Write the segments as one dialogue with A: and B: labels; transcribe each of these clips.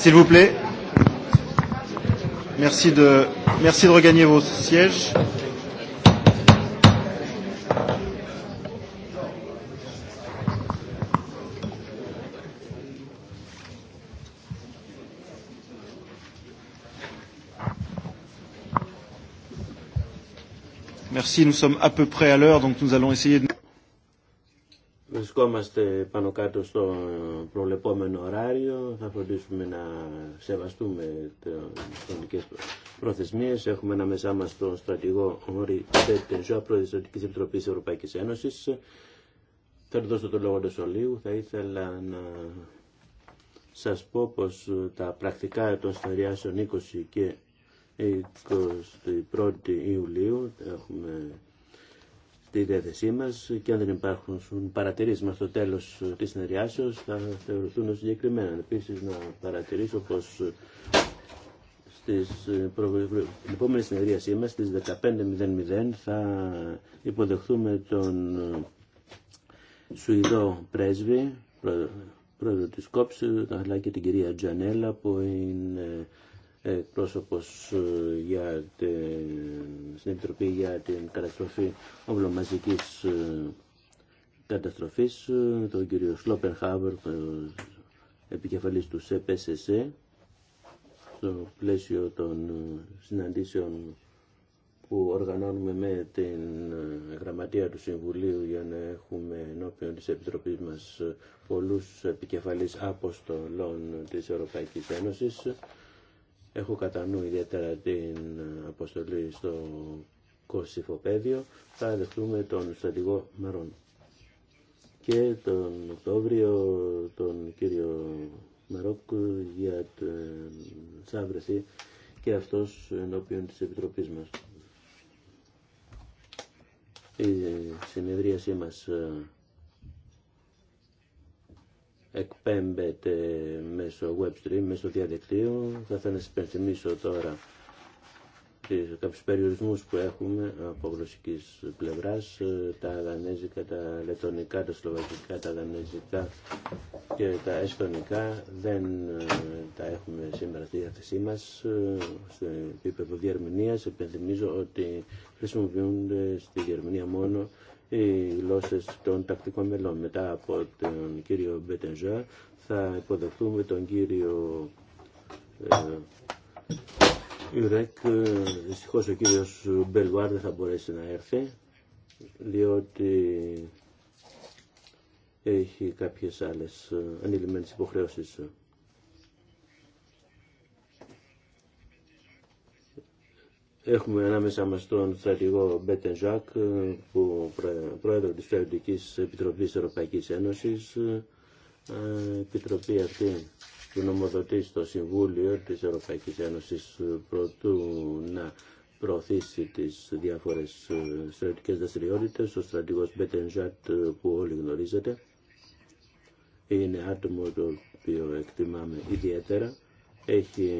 A: S'il vous plaît. Merci de, merci de regagner vos sièges. Merci, nous sommes à peu près à l'heure, donc nous allons essayer de βρισκόμαστε πάνω κάτω στο προβλεπόμενο ωράριο, θα φροντίσουμε να σεβαστούμε τι χρονικές προθεσμίε. Έχουμε μεσά μα τον στρατηγό Μωρή Τεντεζό, πρόεδρο Ευρωπαϊκή Επιτροπή Ευρωπαϊκή Ένωση. Θα του δώσω το λόγο ολίγου. Θα ήθελα να σα πω πω τα πρακτικά των συνεδριάσεων 20 και 21 Ιουλίου έχουμε τη διάθεσή μα και αν δεν υπάρχουν παρατηρήσει μας το τέλο τη συνεδριάσεω, θα θεωρηθούν ω συγκεκριμένα. Επίση να παρατηρήσω πως στις ε, προ... επόμενη συνεδρίασή μας στις 15.00 θα υποδεχθούμε τον ε, Σουηδό πρέσβη, πρόεδρο της ΚΟΠΣ, ε, αλλά και την κυρία Τζανέλα που είναι ε, Πρόσωπο ε, για την, στην Επιτροπή για την καταστροφή ομβλομαζικής ε, καταστροφής, τον κύριο Χάβερ επικεφαλής του ΣΕΠΕΣΕΣΕ, στο πλαίσιο των συναντήσεων που οργανώνουμε με την γραμματεία του Συμβουλίου για να έχουμε ενώπιον της Επιτροπής μας πολλούς επικεφαλής αποστολών της Ευρωπαϊκής Ένωσης Έχω κατά νου ιδιαίτερα την αποστολή στο Κωσυφοπέδιο. Θα δεχτούμε τον στρατηγό Μερών Και τον Οκτώβριο τον κύριο Μερόκ για την Σάβρεση και αυτός ενώπιον της Επιτροπής μας. Η συνεδρίασή μας ε, εκπέμπεται μέσω web stream, μέσω διαδικτύου. Θα ήθελα να σας υπενθυμίσω τώρα κάποιους περιορισμούς που έχουμε από γλωσσικής πλευράς, τα δανέζικα, τα λετωνικά, τα σλοβακικά, τα δανέζικα και τα εστονικά δεν ε, τα έχουμε σήμερα στη διάθεσή μας σε επίπεδο διερμηνίας. Επενθυμίζω ότι χρησιμοποιούνται στη Γερμανία μόνο οι γλώσσε των τακτικών μελών. Μετά από τον κύριο Μπετενζά θα υποδεχτούμε τον κύριο ε, Ιουρέκ. δυστυχώ ο κύριος Μπελουάρ δεν θα μπορέσει να έρθει διότι έχει κάποιες άλλες ε, ανηλυμένες υποχρεώσεις. Έχουμε ανάμεσα μας τον στρατηγό Μπέτεν Ζακ, ε, που πρόεδρο της Θεωρητικής Επιτροπής Ευρωπαϊκής Ένωσης. Η ε, επιτροπή αυτή που στο Συμβούλιο της Ευρωπαϊκής Ένωσης ε, προτού να προωθήσει τις διάφορες στρατιωτικές δραστηριότητε. Ο στρατηγός Μπέτεν Ζακ, που όλοι γνωρίζετε, είναι άτομο το οποίο εκτιμάμε ιδιαίτερα. Έχει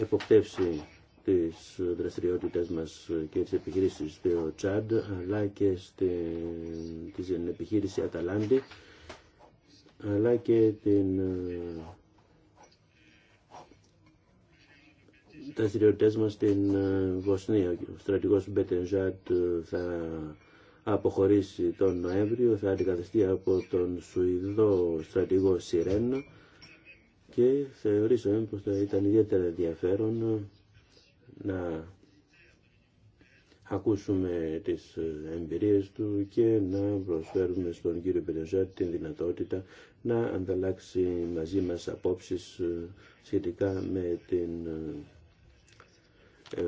A: εποπτεύσει τις δραστηριότητες μας και τις επιχειρήσεις στο Τσάντ αλλά και στην επιχείρηση Αταλάντη αλλά και την ε, τα δραστηριότητες μας στην ε, Βοσνία. Ο στρατηγός Μπετενζάτ ε, θα αποχωρήσει τον Νοέμβριο, θα αντικαθιστεί από τον Σουηδό στρατηγό Σιρένα και θεωρήσαμε πως θα ήταν ιδιαίτερα ενδιαφέρον να ακούσουμε τις εμπειρίες του και να προσφέρουμε στον κύριο Πεντεζάτη την δυνατότητα να ανταλλάξει μαζί μας απόψεις ε, σχετικά με την ε, ε,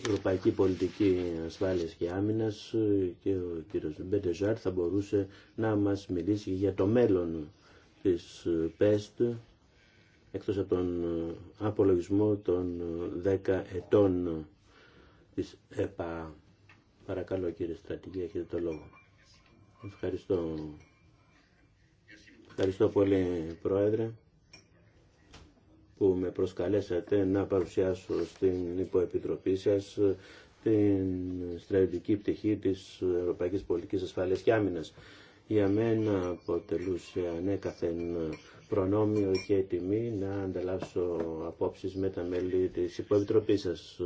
A: ευρωπαϊκή πολιτική ασφάλειας και άμυνας και ο κύριος Μπεντεζάρ θα μπορούσε να μας μιλήσει για το μέλλον της ΠΕΣΤ εκτός από τον ε, απολογισμό των 10 ε, ετών της ΕΠΑ. Παρακαλώ κύριε Στρατηγή, έχετε το λόγο. Ευχαριστώ. Ευχαριστώ πολύ Πρόεδρε που με προσκαλέσατε να παρουσιάσω στην υποεπιτροπή σας την στρατιωτική πτυχή της Ευρωπαϊκής Πολιτικής Ασφάλειας και Άμυνας. Για μένα αποτελούσε ανέκαθεν προνόμιο και τιμή να ανταλλάσσω απόψεις με τα μέλη της υποεπιτροπής σας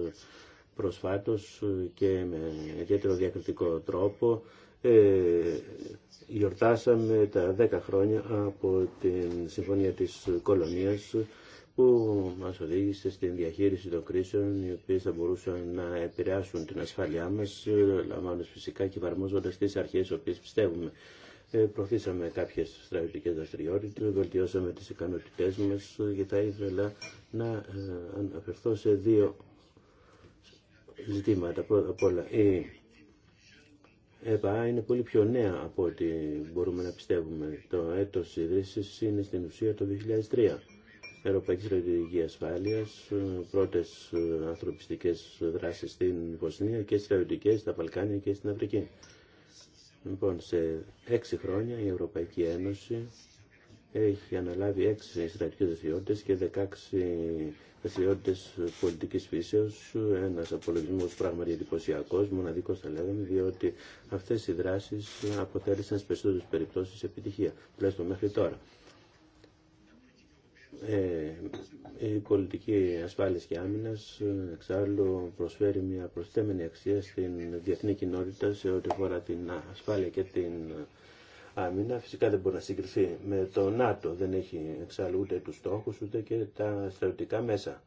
A: προσφάτως και με ιδιαίτερο διακριτικό τρόπο ε, γιορτάσαμε τα 10 χρόνια από την Συμφωνία της Κολονίας που μας οδήγησε στην διαχείριση των κρίσεων οι οποίες θα μπορούσαν να επηρεάσουν την ασφάλειά μας ε, λαμβάνοντας φυσικά και εφαρμόζοντας τις αρχές οποίες πιστεύουμε. Ε, προωθήσαμε κάποιες στρατιωτικέ δραστηριότητε, βελτιώσαμε τις ικανότητές μας και θα ήθελα να ε, αναφερθώ σε δύο ζητήματα. Πρώτα απ' όλα, η ΕΠΑ είναι πολύ πιο νέα από ό,τι μπορούμε να πιστεύουμε. Το έτος ίδρυσης είναι στην ουσία το 2003. Ευρωπαϊκή Στρατηγική Ασφάλεια, ε, πρώτε ανθρωπιστικέ δράσει στην Βοσνία και στρατιωτικέ στα Βαλκάνια και στην Αφρική. Λοιπόν, σε έξι χρόνια η Ευρωπαϊκή Ένωση έχει αναλάβει έξι στρατιωτικές δραστηριότητες και δεκάξι δραστηριότητες πολιτικής φύσεως. Ένας απολογισμός πράγματι εντυπωσιακό, μοναδικός θα λέγαμε, διότι αυτές οι δράσεις αποτέλεσαν στις περισσότερες περιπτώσεις επιτυχία, τουλάχιστον μέχρι τώρα. Ε, η πολιτική ασφάλειας και άμυνας ε, εξάλλου προσφέρει μια προσθέμενη αξία στην διεθνή κοινότητα σε ό,τι αφορά την ασφάλεια και την άμυνα. Φυσικά δεν μπορεί να συγκριθεί με το ΝΑΤΟ, δεν έχει εξάλλου ούτε τους στόχους ούτε και τα στρατιωτικά μέσα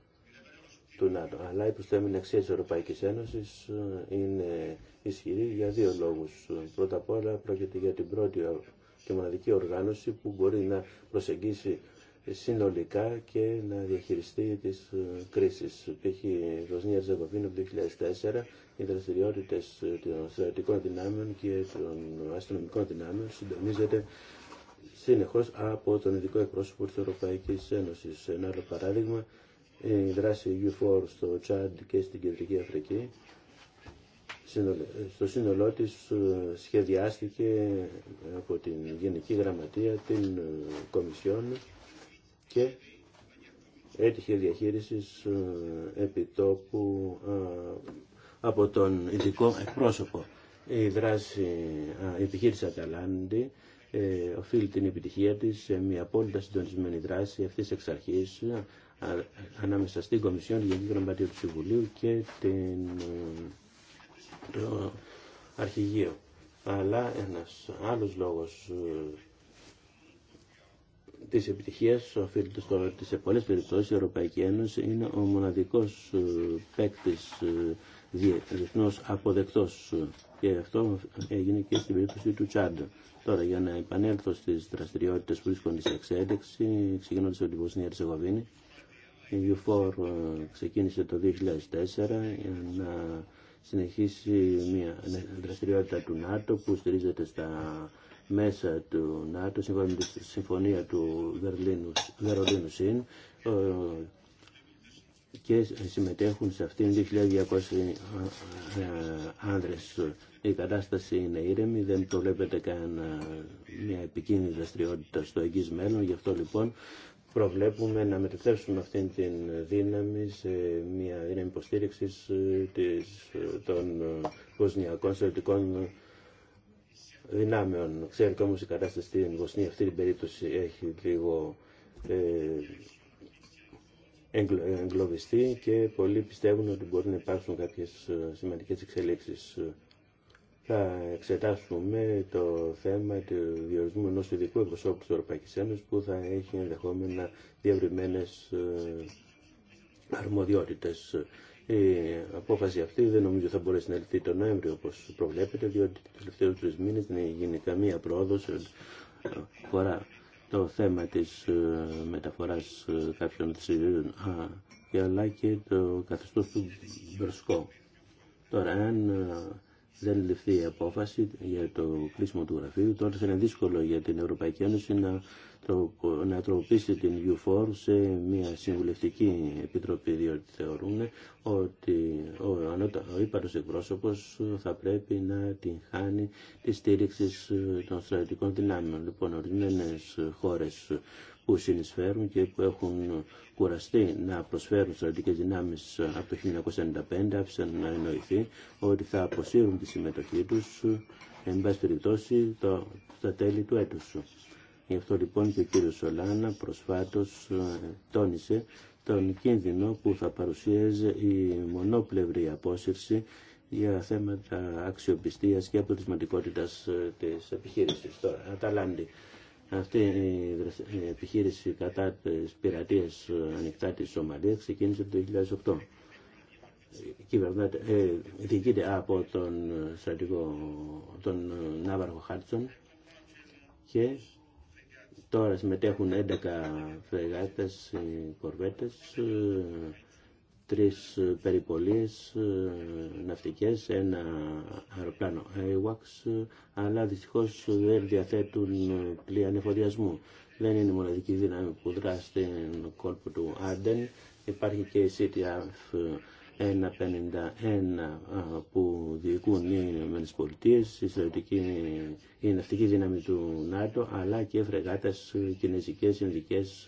A: του ΝΑΤΟ. Αλλά η προσθέμενη αξία της Ευρωπαϊκής Ένωσης ε, είναι ισχυρή για δύο λόγους. Πρώτα απ' όλα πρόκειται για την πρώτη και μοναδική οργάνωση που μπορεί να προσεγγίσει συνολικά και να διαχειριστεί τις ε, κρίσεις. Π.χ. η Βοσνία Ζεγοβίνη το 2004 οι δραστηριότητε ε, των στρατιωτικών δυνάμεων και των αστυνομικών δυνάμεων συντονίζεται συνεχώς από τον ειδικό εκπρόσωπο της Ευρωπαϊκής Ένωσης. Ένα άλλο παράδειγμα, η δράση U4 στο Τσάντ και στην Κεντρική Αφρική στο σύνολό της ε, σχεδιάστηκε από την Γενική Γραμματεία, την Κομισιόν και έτυχε διαχείρισης ε, επιτόπου ε, από τον ειδικό εκπρόσωπο. Η, δράση, ε, η επιχείρηση Αταλάντη οφείλει την επιτυχία της σε μια απόλυτα συντονισμένη δράση αυτή εξ αρχής ανάμεσα στην Κομισιόν για την Γραμματεία του Συμβουλίου και την, το Αρχηγείο. Αλλά ένας άλλος λόγος της επιτυχίας οφείλεται στο ότι σε πολλές περιπτώσεις η Ευρωπαϊκή Ένωση είναι ο μοναδικός ε, παίκτη ε, διεθνώς αποδεκτός και αυτό έγινε και στην περίπτωση του Τσάντ. Τώρα για να επανέλθω στις δραστηριότητες που βρίσκονται σε εξέλιξη, ξεκινώντας από την Βοσνία της Εγωβίνη, η U4 ε, ξεκίνησε το 2004 για να συνεχίσει μια δραστηριότητα του ΝΑΤΟ που στηρίζεται στα μέσα του ΝΑΤΟ, σύμφωνα με τη συμφωνία του Βερολίνου, ΣΥΝ, και συμμετέχουν σε αυτήν 2.200 ε, άνδρες. Η κατάσταση είναι ήρεμη, δεν βλέπετε καν μια επικίνδυνη δραστηριότητα στο εγγύς μέλλον, γι' αυτό λοιπόν προβλέπουμε να μετεθέσουμε αυτήν την δύναμη σε μια δύναμη υποστήριξη ε, ε, των βοσνιακών στρατιωτικών δυνάμεων. Ξέρετε όμως η κατάσταση στην Βοσνία αυτή την περίπτωση έχει λίγο ε, εγκλωβιστεί και πολλοί πιστεύουν ότι μπορεί να υπάρξουν κάποιες ε, σημαντικές εξελίξεις. Θα εξετάσουμε το θέμα του διορισμού ενός ειδικού εκπροσώπου της Ευρωπαϊκής Ένωσης που θα έχει ενδεχόμενα διευρυμένες ε, αρμοδιότητες. Η απόφαση αυτή δεν νομίζω θα μπορέσει να ληφθεί τον Νοέμβριο όπως προβλέπετε, διότι τους τελευταίους τρεις μήνες δεν έχει γίνει καμία πρόοδος αφορά το θέμα της ε, μεταφοράς ε, κάποιων θησιδίων αλλά και το καθεστώς του Μπερσκό. Τώρα, αν ε, δεν ληφθεί η απόφαση για το κλείσιμο του γραφείου, Τώρα θα είναι δύσκολο για την Ευρωπαϊκή Ένωση να, τροποποιήσει την U4 σε μια συμβουλευτική επιτροπή, διότι θεωρούν ότι ο, ο ύπαρος θα πρέπει να την χάνει τη στήριξη των στρατιωτικών δυνάμεων. Λοιπόν, ορισμένε χώρες που συνεισφέρουν και που έχουν κουραστεί να προσφέρουν στρατιωτικές δυνάμεις από το 1995 άφησαν να εννοηθεί ότι θα αποσύρουν τη συμμετοχή τους εν πάση περιπτώσει το, στα τέλη του έτους. Γι' αυτό λοιπόν και ο κύριος Σολάνα προσφάτως ε, τόνισε τον κίνδυνο που θα παρουσίαζε η μονοπλευρή απόσυρση για θέματα αξιοπιστίας και αποτελεσματικότητας ε, της επιχείρησης. Τώρα, Αταλάντη. Αυτή η επιχείρηση κατά της πειρατείας ε, ανοιχτά της Σομαλίας ξεκίνησε το 2008. Ε, διοικείται από τον ε, στρατηγό, τον ε, Ναύαρχο Χάρτσον και τώρα συμμετέχουν 11 φρεγάτες, κορβέτες, τρεις ε, περιπολίες ε, ναυτικές, ένα αεροπλάνο AWACS, ε, αλλά δυστυχώς δεν διαθέτουν πλοία ανεφοδιασμού. Δεν είναι η μοναδική δύναμη που δράσει στην κόλπο του Άντεν. Υπάρχει και η CTF 151 που διοικούν οι Ηνωμένες Πολιτείες, η ναυτική δύναμη του ΝΑΤΟ, αλλά και φρεγάτες κινέζικες, ινδικές,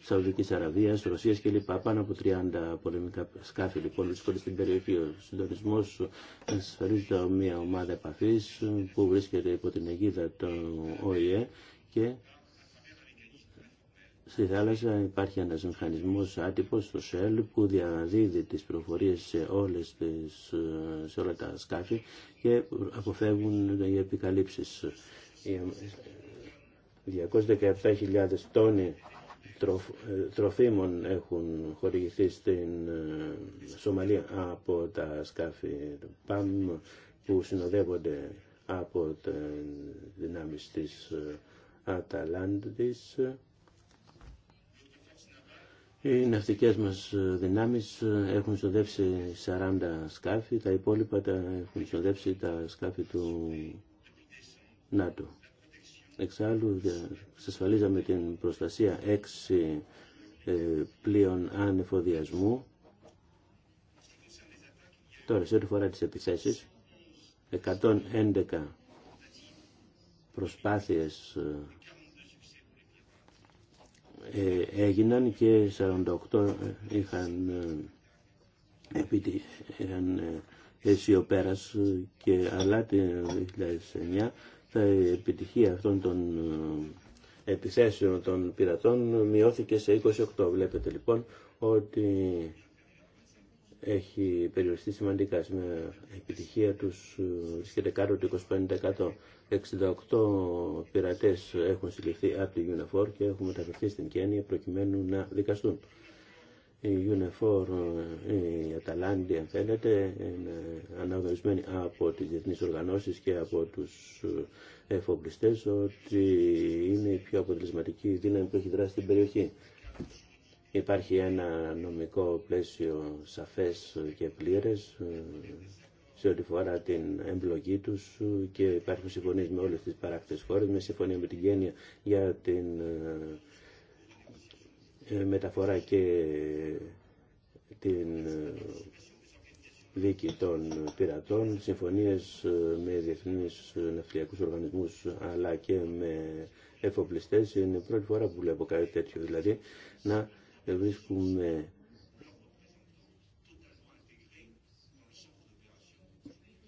A: Σαουδική Αραβία, Ρωσία κλπ. Πάνω από 30 πολεμικά σκάφη λοιπόν βρίσκονται στην περιοχή. Ο συντονισμό ασφαλίζεται μια ομάδα επαφή που βρίσκεται υπό την αιγίδα των ΟΗΕ και στη θάλασσα υπάρχει ένας μηχανισμός άτυπος, το ΣΕΛ, που διαδίδει τις προφορίες σε, όλες σε όλα τα σκάφη και αποφεύγουν οι επικαλύψεις. 217.000 τόνοι ε, τροφίμων έχουν χορηγηθεί στην ε, Σομαλία από τα σκάφη ΠΑΜ που συνοδεύονται από τι δυνάμεις της ε, Αταλάντης. Οι ναυτικές μας δυνάμεις έχουν συνοδεύσει 40 σκάφη, τα υπόλοιπα τα έχουν συνοδεύσει τα σκάφη του ΝΑΤΟ. Εξάλλου εξασφαλίζαμε την προστασία έξι ε, πλοίων ανεφοδιασμού. Τώρα, σε ό,τι φορά τις επιθέσεις, 111 προσπάθειες ε, ε, έγιναν και 48 είχαν, είχαν αισιοπέρας και αλλά το 2009 η επιτυχία αυτών των ε, επιθέσεων των πειρατών μειώθηκε σε 28. Βλέπετε λοιπόν ότι έχει περιοριστεί σημαντικά με επιτυχία τους ε, βρίσκεται κάτω του 25%. 68 πειρατές έχουν συλληφθεί από την UNAFOR και έχουν μεταφερθεί στην Κένια προκειμένου να δικαστούν η UNEFOR, ε, η Αταλάντη, αν θέλετε, είναι αναγνωρισμένη από τις διεθνείς οργανώσεις και από τους ε, εφοπλιστές ότι είναι η πιο αποτελεσματική δύναμη που έχει δράσει στην περιοχή. Υπάρχει ένα νομικό πλαίσιο σαφές και πλήρες ε, σε ό,τι φορά την εμπλοκή τους και υπάρχουν συμφωνίες με όλες τις παράκτες χώρες, με συμφωνία με την Γένεια για την ε, μεταφορά και την ε, δίκη των πειρατών, συμφωνίες ε, με διεθνείς ναυτιλιακούς οργανισμούς αλλά και με εφοπλιστές. Είναι η πρώτη φορά που βλέπω κάτι τέτοιο, δηλαδή να βρίσκουμε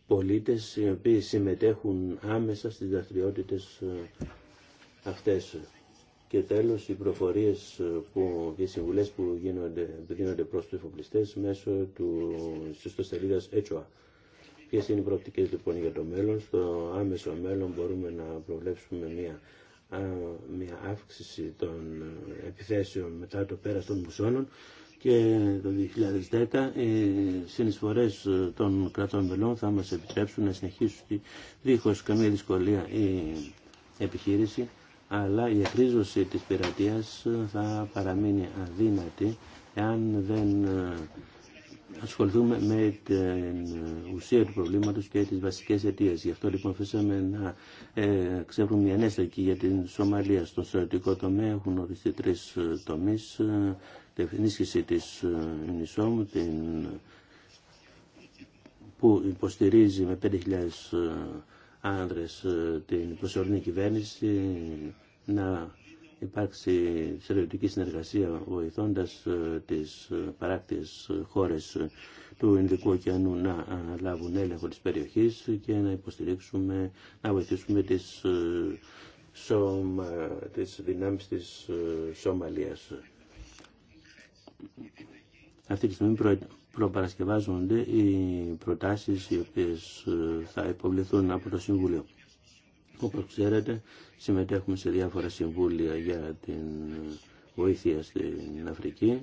A: πολίτες οι οποίοι συμμετέχουν άμεσα στις δραστηριότητες αυτές. Και τέλος οι προφορίες ε, που, και οι συμβουλές που γίνονται, προ του προς τους μέσω του ιστοσελίδα HOA. Ποιες είναι οι προοπτικές λοιπόν για το μέλλον. Στο άμεσο μέλλον μπορούμε να προβλέψουμε μια, μια αύξηση των ε, επιθέσεων μετά το πέρα των μουσώνων και το 2010 οι ε, συνεισφορές των κρατών μελών θα μας επιτρέψουν να συνεχίσουν δίχως καμία δυσκολία η επιχείρηση αλλά η εκρίζωση της πειρατείας θα παραμείνει αδύνατη εάν δεν ε, ασχοληθούμε με την ουσία του προβλήματος και τις βασικές αιτίες. Γι' αυτό λοιπόν αφήσαμε να ε, ξέρουμε μια ανέστακη για την Σομαλία. Στον στρατιωτικό τομέα έχουν οριστεί τρεις ε, τομείς, ε, την ενίσχυση της Ινισόμ, την που υποστηρίζει με 5.000 άνδρες ε, την προσωρινή κυβέρνηση να υπάρξει στρατιωτική συνεργασία βοηθώντας ε, τις ε, παράκτιες χώρες του Ινδικού ωκεανού να λάβουν έλεγχο της περιοχής και να υποστηρίξουμε, να βοηθήσουμε τις, σωμα, τις δυνάμεις της Σομαλίας. Αυτή τη στιγμή προπαρασκευάζονται οι προτάσεις οι οποίες ε, θα υποβληθούν από το Συμβούλιο. Όπως ξέρετε, συμμετέχουμε σε διάφορα συμβούλια για την βοήθεια στην Αφρική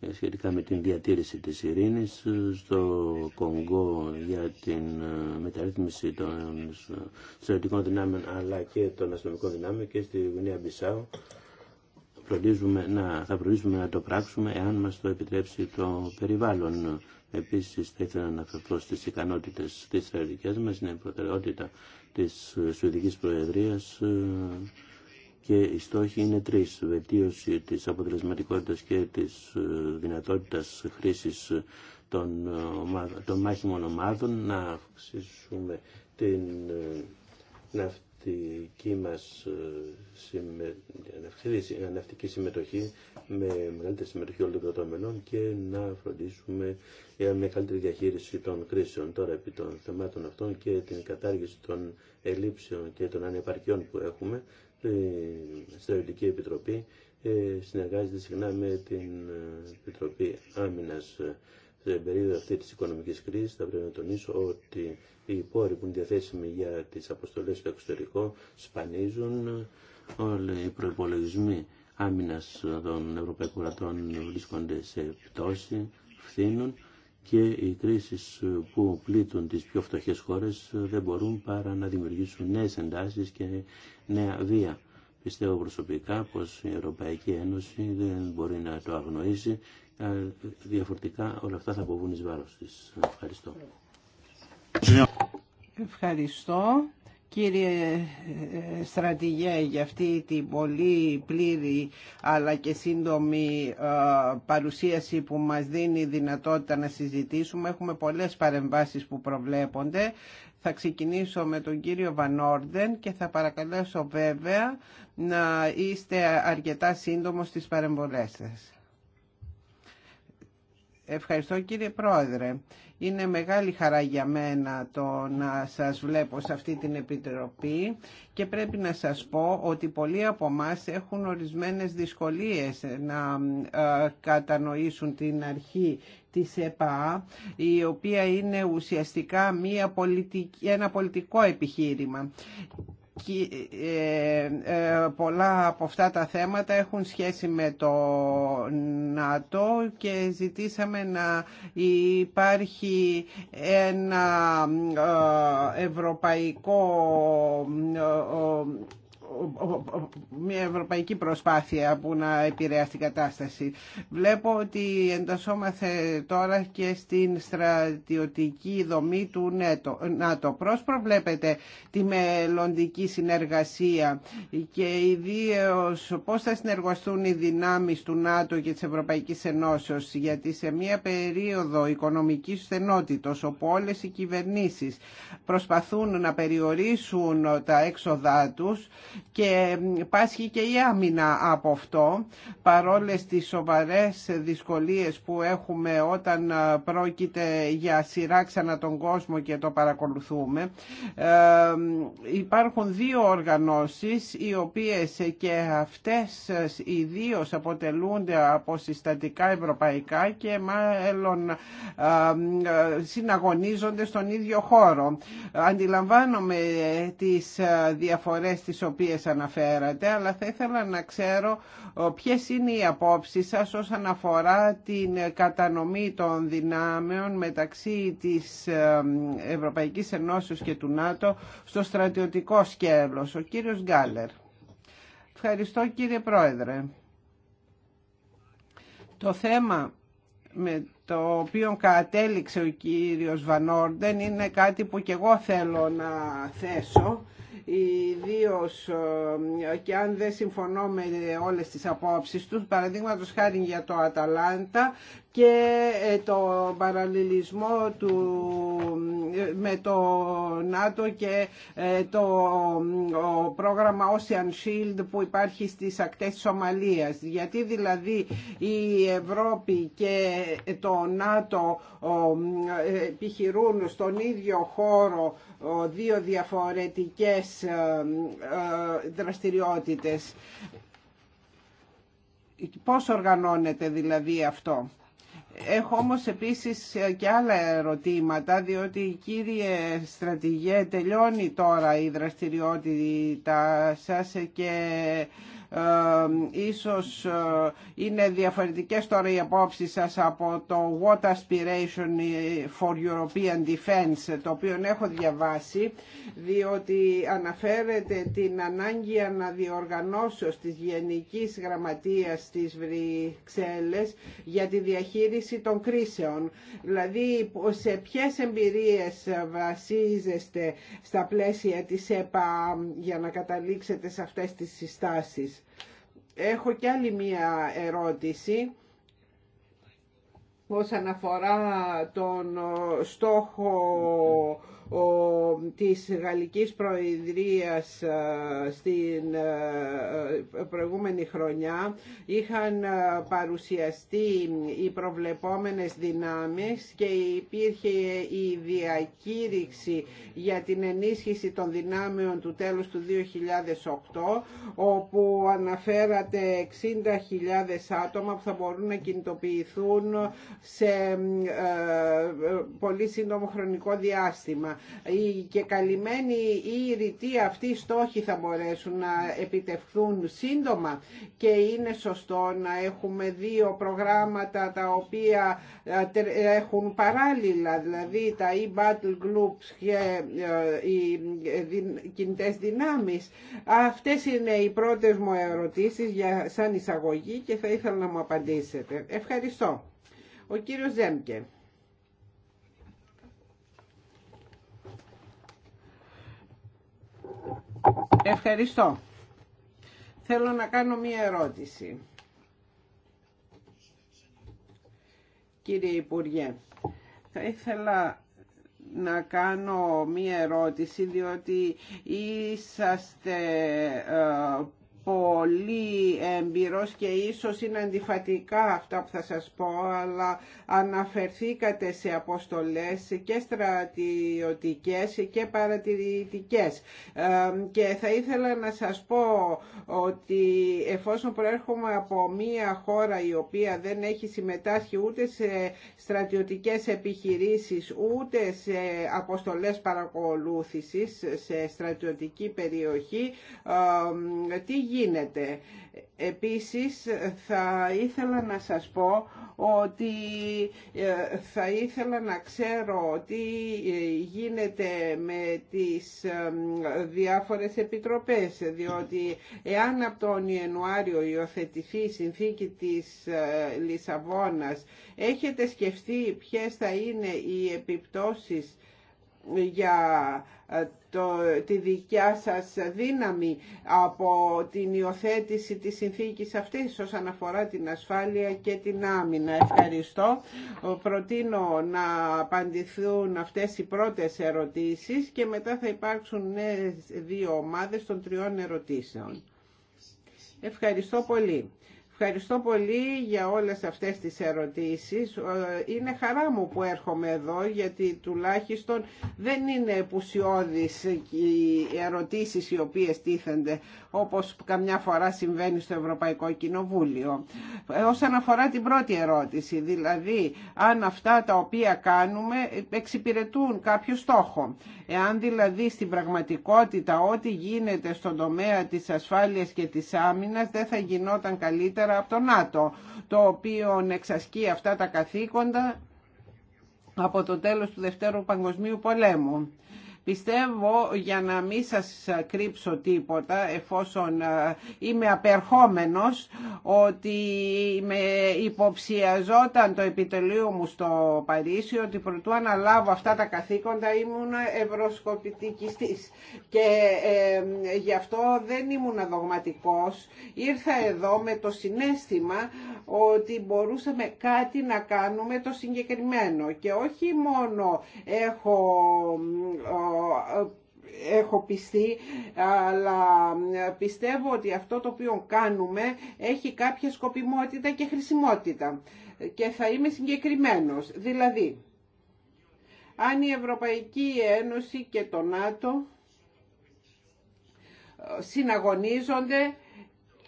A: ε, σχετικά με την διατήρηση της ειρήνης ε, στο Κονγκό για την μεταρρύθμιση των στρατιωτικών δυνάμεων αλλά και των αστυνομικών δυνάμεων και στη Βουλή Μπισάου να, θα φροντίζουμε να το πράξουμε εάν μας το επιτρέψει το περιβάλλον. Επίσης θα ήθελα να αναφερθώ στις ικανότητες της θεωρητικής μας, είναι η προτεραιότητα της Σουηδικής Προεδρίας ε, και οι στόχοι είναι τρεις. Βελτίωση της αποτελεσματικότητας και της ε, δυνατότητας χρήσης των, ε, των μάχημων ομάδων, να αυξήσουμε την, ναυτική μας ε, συμμε... ναυτική συμμετοχή με μεγαλύτερη συμμετοχή όλων των κρατών και να φροντίσουμε για μια καλύτερη διαχείριση των κρίσεων τώρα επί των θεμάτων αυτών και την κατάργηση των ελλείψεων και των ανεπαρκειών που έχουμε η Στρατιωτική Επιτροπή ε, συνεργάζεται συχνά με την ε, Επιτροπή Άμυνας στην περίοδο αυτή τη οικονομική κρίση θα πρέπει να τονίσω ότι οι πόροι που είναι διαθέσιμοι για τι αποστολέ στο εξωτερικό σπανίζουν όλοι οι προπολογισμοί άμυνας των Ευρωπαϊκών κρατών βρίσκονται σε πτώση, φθήνουν και οι κρίσει που πλήττουν τι πιο φτωχέ χώρες δεν μπορούν παρά να δημιουργήσουν νέε εντάσεις και νέα βία. Πιστεύω προσωπικά πως η Ευρωπαϊκή Ένωση δεν μπορεί να το αγνοήσει ε, διαφορετικά όλα αυτά θα αποβούν εις βάρος της. Ευχαριστώ.
B: Ευχαριστώ κύριε ε, στρατηγέ για αυτή την πολύ πλήρη αλλά και σύντομη ε, παρουσίαση που μας δίνει δυνατότητα να συζητήσουμε. Έχουμε πολλές παρεμβάσεις που προβλέπονται. Θα ξεκινήσω με τον κύριο Βανόρντεν και θα παρακαλέσω βέβαια να είστε αρκετά σύντομος στις παρεμβολές σας. Ευχαριστώ κύριε Πρόεδρε. Είναι μεγάλη χαρά για μένα το να σας βλέπω σε αυτή την Επιτροπή και πρέπει να σας πω ότι πολλοί από εμά έχουν ορισμένες δυσκολίες να ε, κατανοήσουν την αρχή της ΕΠΑ, η οποία είναι ουσιαστικά μια ένα πολιτικό επιχείρημα. Ε, ε, πολλά από αυτά τα θέματα έχουν σχέση με το ΝΑΤΟ και ζητήσαμε να υπάρχει ένα ε, ευρωπαϊκό μια ευρωπαϊκή προσπάθεια που να επηρεάσει την κατάσταση. Βλέπω ότι εντασσόμαθε τώρα και στην στρατιωτική δομή του ΝΑΤΟ. Πώς προβλέπετε τη μελλοντική συνεργασία και ιδίω πώς θα συνεργαστούν οι δυνάμεις του ΝΑΤΟ και της Ευρωπαϊκής Ενώσεως γιατί σε μια περίοδο οικονομικής στενότητος όπου όλες οι κυβερνήσεις προσπαθούν να περιορίσουν τα έξοδά τους και πάσχει και η άμυνα από αυτό παρόλες τις σοβαρές δυσκολίες που έχουμε όταν ε, πρόκειται για σειρά ξανά τον κόσμο και το παρακολουθούμε ε, υπάρχουν δύο οργανώσεις οι οποίες και αυτές ιδίω αποτελούνται από συστατικά ευρωπαϊκά και μάλλον ε, συναγωνίζονται στον ίδιο χώρο. Αντιλαμβάνομαι τις διαφορές τις οποίες αναφέρατε, αλλά θα ήθελα να ξέρω ποιες είναι οι απόψεις σας όσον αφορά την κατανομή των δυνάμεων μεταξύ της ε, Ευρωπαϊκής Ενώσεως και του ΝΑΤΟ στο στρατιωτικό σκέλος. Ο κύριος Γκάλερ. Ευχαριστώ κύριε Πρόεδρε. Το θέμα με το οποίο κατέληξε ο κύριος Βανόρντεν είναι κάτι που και εγώ θέλω να θέσω ιδίω ε, και αν δεν συμφωνώ με όλες τις απόψεις τους, παραδείγματος χάρη για το Αταλάντα και ε, το παραλληλισμό του, ε, με το ΝΑΤΟ και το πρόγραμμα Ocean Shield που υπάρχει στις ακτές της Σομαλίας. Γιατί δηλαδή η Ευρώπη και το ΝΑΤΟ επιχειρούν στον ίδιο χώρο δύο διαφορετικές ε, ε, δραστηριότητες. Πώς οργανώνεται δηλαδή αυτό. Έχω όμως επίσης ε, και άλλα ερωτήματα, διότι κύριε στρατηγέ τελειώνει τώρα η δραστηριότητα σας και ε, ίσως ε, είναι διαφορετικές τώρα οι απόψεις σας από το What Aspiration for European Defense το οποίο έχω διαβάσει διότι αναφέρεται την ανάγκη αναδιοργανώσεως της Γενικής Γραμματείας της Βρυξέλλες για τη διαχείριση των κρίσεων. Δηλαδή σε ποιες εμπειρίες βασίζεστε στα πλαίσια της ΕΠΑ για να καταλήξετε σε αυτές τις συστάσεις. Έχω και άλλη μία ερώτηση όσον αφορά τον ε, στόχο ο της Γαλλικής Προεδρίας ε, στην ε, ε, προηγούμενη χρονιά είχαν παρουσιαστεί οι προβλεπόμενες δυνάμεις και υπήρχε η διακήρυξη για την ενίσχυση των δυνάμεων του τέλους του 2008 όπου αναφέρατε 60.000 άτομα που θα μπορούν να κινητοποιηθούν σε πολύ σύντομο χρονικό διάστημα. Ε, και καλυμμένοι ή ρητοί αυτοί οι στόχοι θα μπορέσουν να επιτευχθούν σύντομα και είναι σωστό να έχουμε δύο προγράμματα τα οποία ε, ε, έχουν παράλληλα, δηλαδή τα e-battle groups και οι κινητές δυνάμεις. Αυτές είναι οι πρώτες μου ερωτήσεις για, σαν εισαγωγή και θα ήθελα να μου απαντήσετε. Ευχαριστώ. Ο κύριος Ζέμκε. Ευχαριστώ. Θέλω να κάνω μία ερώτηση. Κύριε Υπουργέ, θα ήθελα να κάνω μία ερώτηση διότι είσαστε ε, πολύ έμπειρος και ίσως είναι αντιφατικά αυτά που θα σας πω, αλλά αναφερθήκατε σε αποστολές και στρατιωτικές και παρατηρητικές. Και θα ήθελα να σας πω ότι εφόσον προέρχομαι από μία χώρα η οποία δεν έχει συμμετάσχει ούτε σε στρατιωτικές επιχειρήσεις, ούτε σε αποστολές παρακολούθησης σε στρατιωτική περιοχή, γίνεται. Επίσης θα ήθελα να σας πω ότι ε, θα ήθελα να ξέρω τι ε, γίνεται με τις διάφορες επιτροπές διότι εάν από τον Ιανουάριο υιοθετηθεί η συνθήκη της ε, Λισαβόνας έχετε σκεφτεί ποιες θα είναι οι επιπτώσεις για ε, το, τη δικιά σας δύναμη από την υιοθέτηση της συνθήκης αυτής όσον αφορά την ασφάλεια και την άμυνα. Ευχαριστώ. Προτείνω να απαντηθούν αυτές οι πρώτες ερωτήσεις και μετά θα υπάρξουν νέες δύο ομάδες των τριών ερωτήσεων. Ευχαριστώ πολύ. Ευχαριστώ πολύ για όλες αυτές τις ερωτήσεις. Ε, είναι χαρά μου που έρχομαι εδώ γιατί τουλάχιστον δεν είναι επουσιώδεις οι ερωτήσεις οι οποίες τίθενται όπως καμιά φορά συμβαίνει στο Ευρωπαϊκό Κοινοβούλιο. Ε, όσον αφορά την πρώτη ερώτηση, δηλαδή αν αυτά τα οποία κάνουμε εξυπηρετούν κάποιο στόχο. Εάν δηλαδή στην πραγματικότητα ό,τι γίνεται στον τομέα της ασφάλειας και της άμυνας δεν θα γινόταν καλύτερα από το ΝΑΤΟ, το οποίο εξασκεί αυτά τα καθήκοντα από το τέλος του Δευτέρου Παγκοσμίου Πολέμου. Πιστεύω για να μην σας κρύψω τίποτα εφόσον ε, είμαι απερχόμενος ότι με υποψιαζόταν το επιτελείο μου στο Παρίσι ότι προτού αναλάβω αυτά τα καθήκοντα ήμουν ευρωσκοπητικιστής και γι' αυτό δεν ήμουν δογματικός. Ήρθα εδώ με το συνέστημα ότι μπορούσαμε κάτι να κάνουμε το συγκεκριμένο και όχι μόνο έχω έχω πιστεί, αλλά πιστεύω ότι αυτό το οποίο κάνουμε έχει κάποια σκοπιμότητα και χρησιμότητα. Και θα είμαι συγκεκριμένος. Δηλαδή, αν η Ευρωπαϊκή Ένωση και το ΝΑΤΟ συναγωνίζονται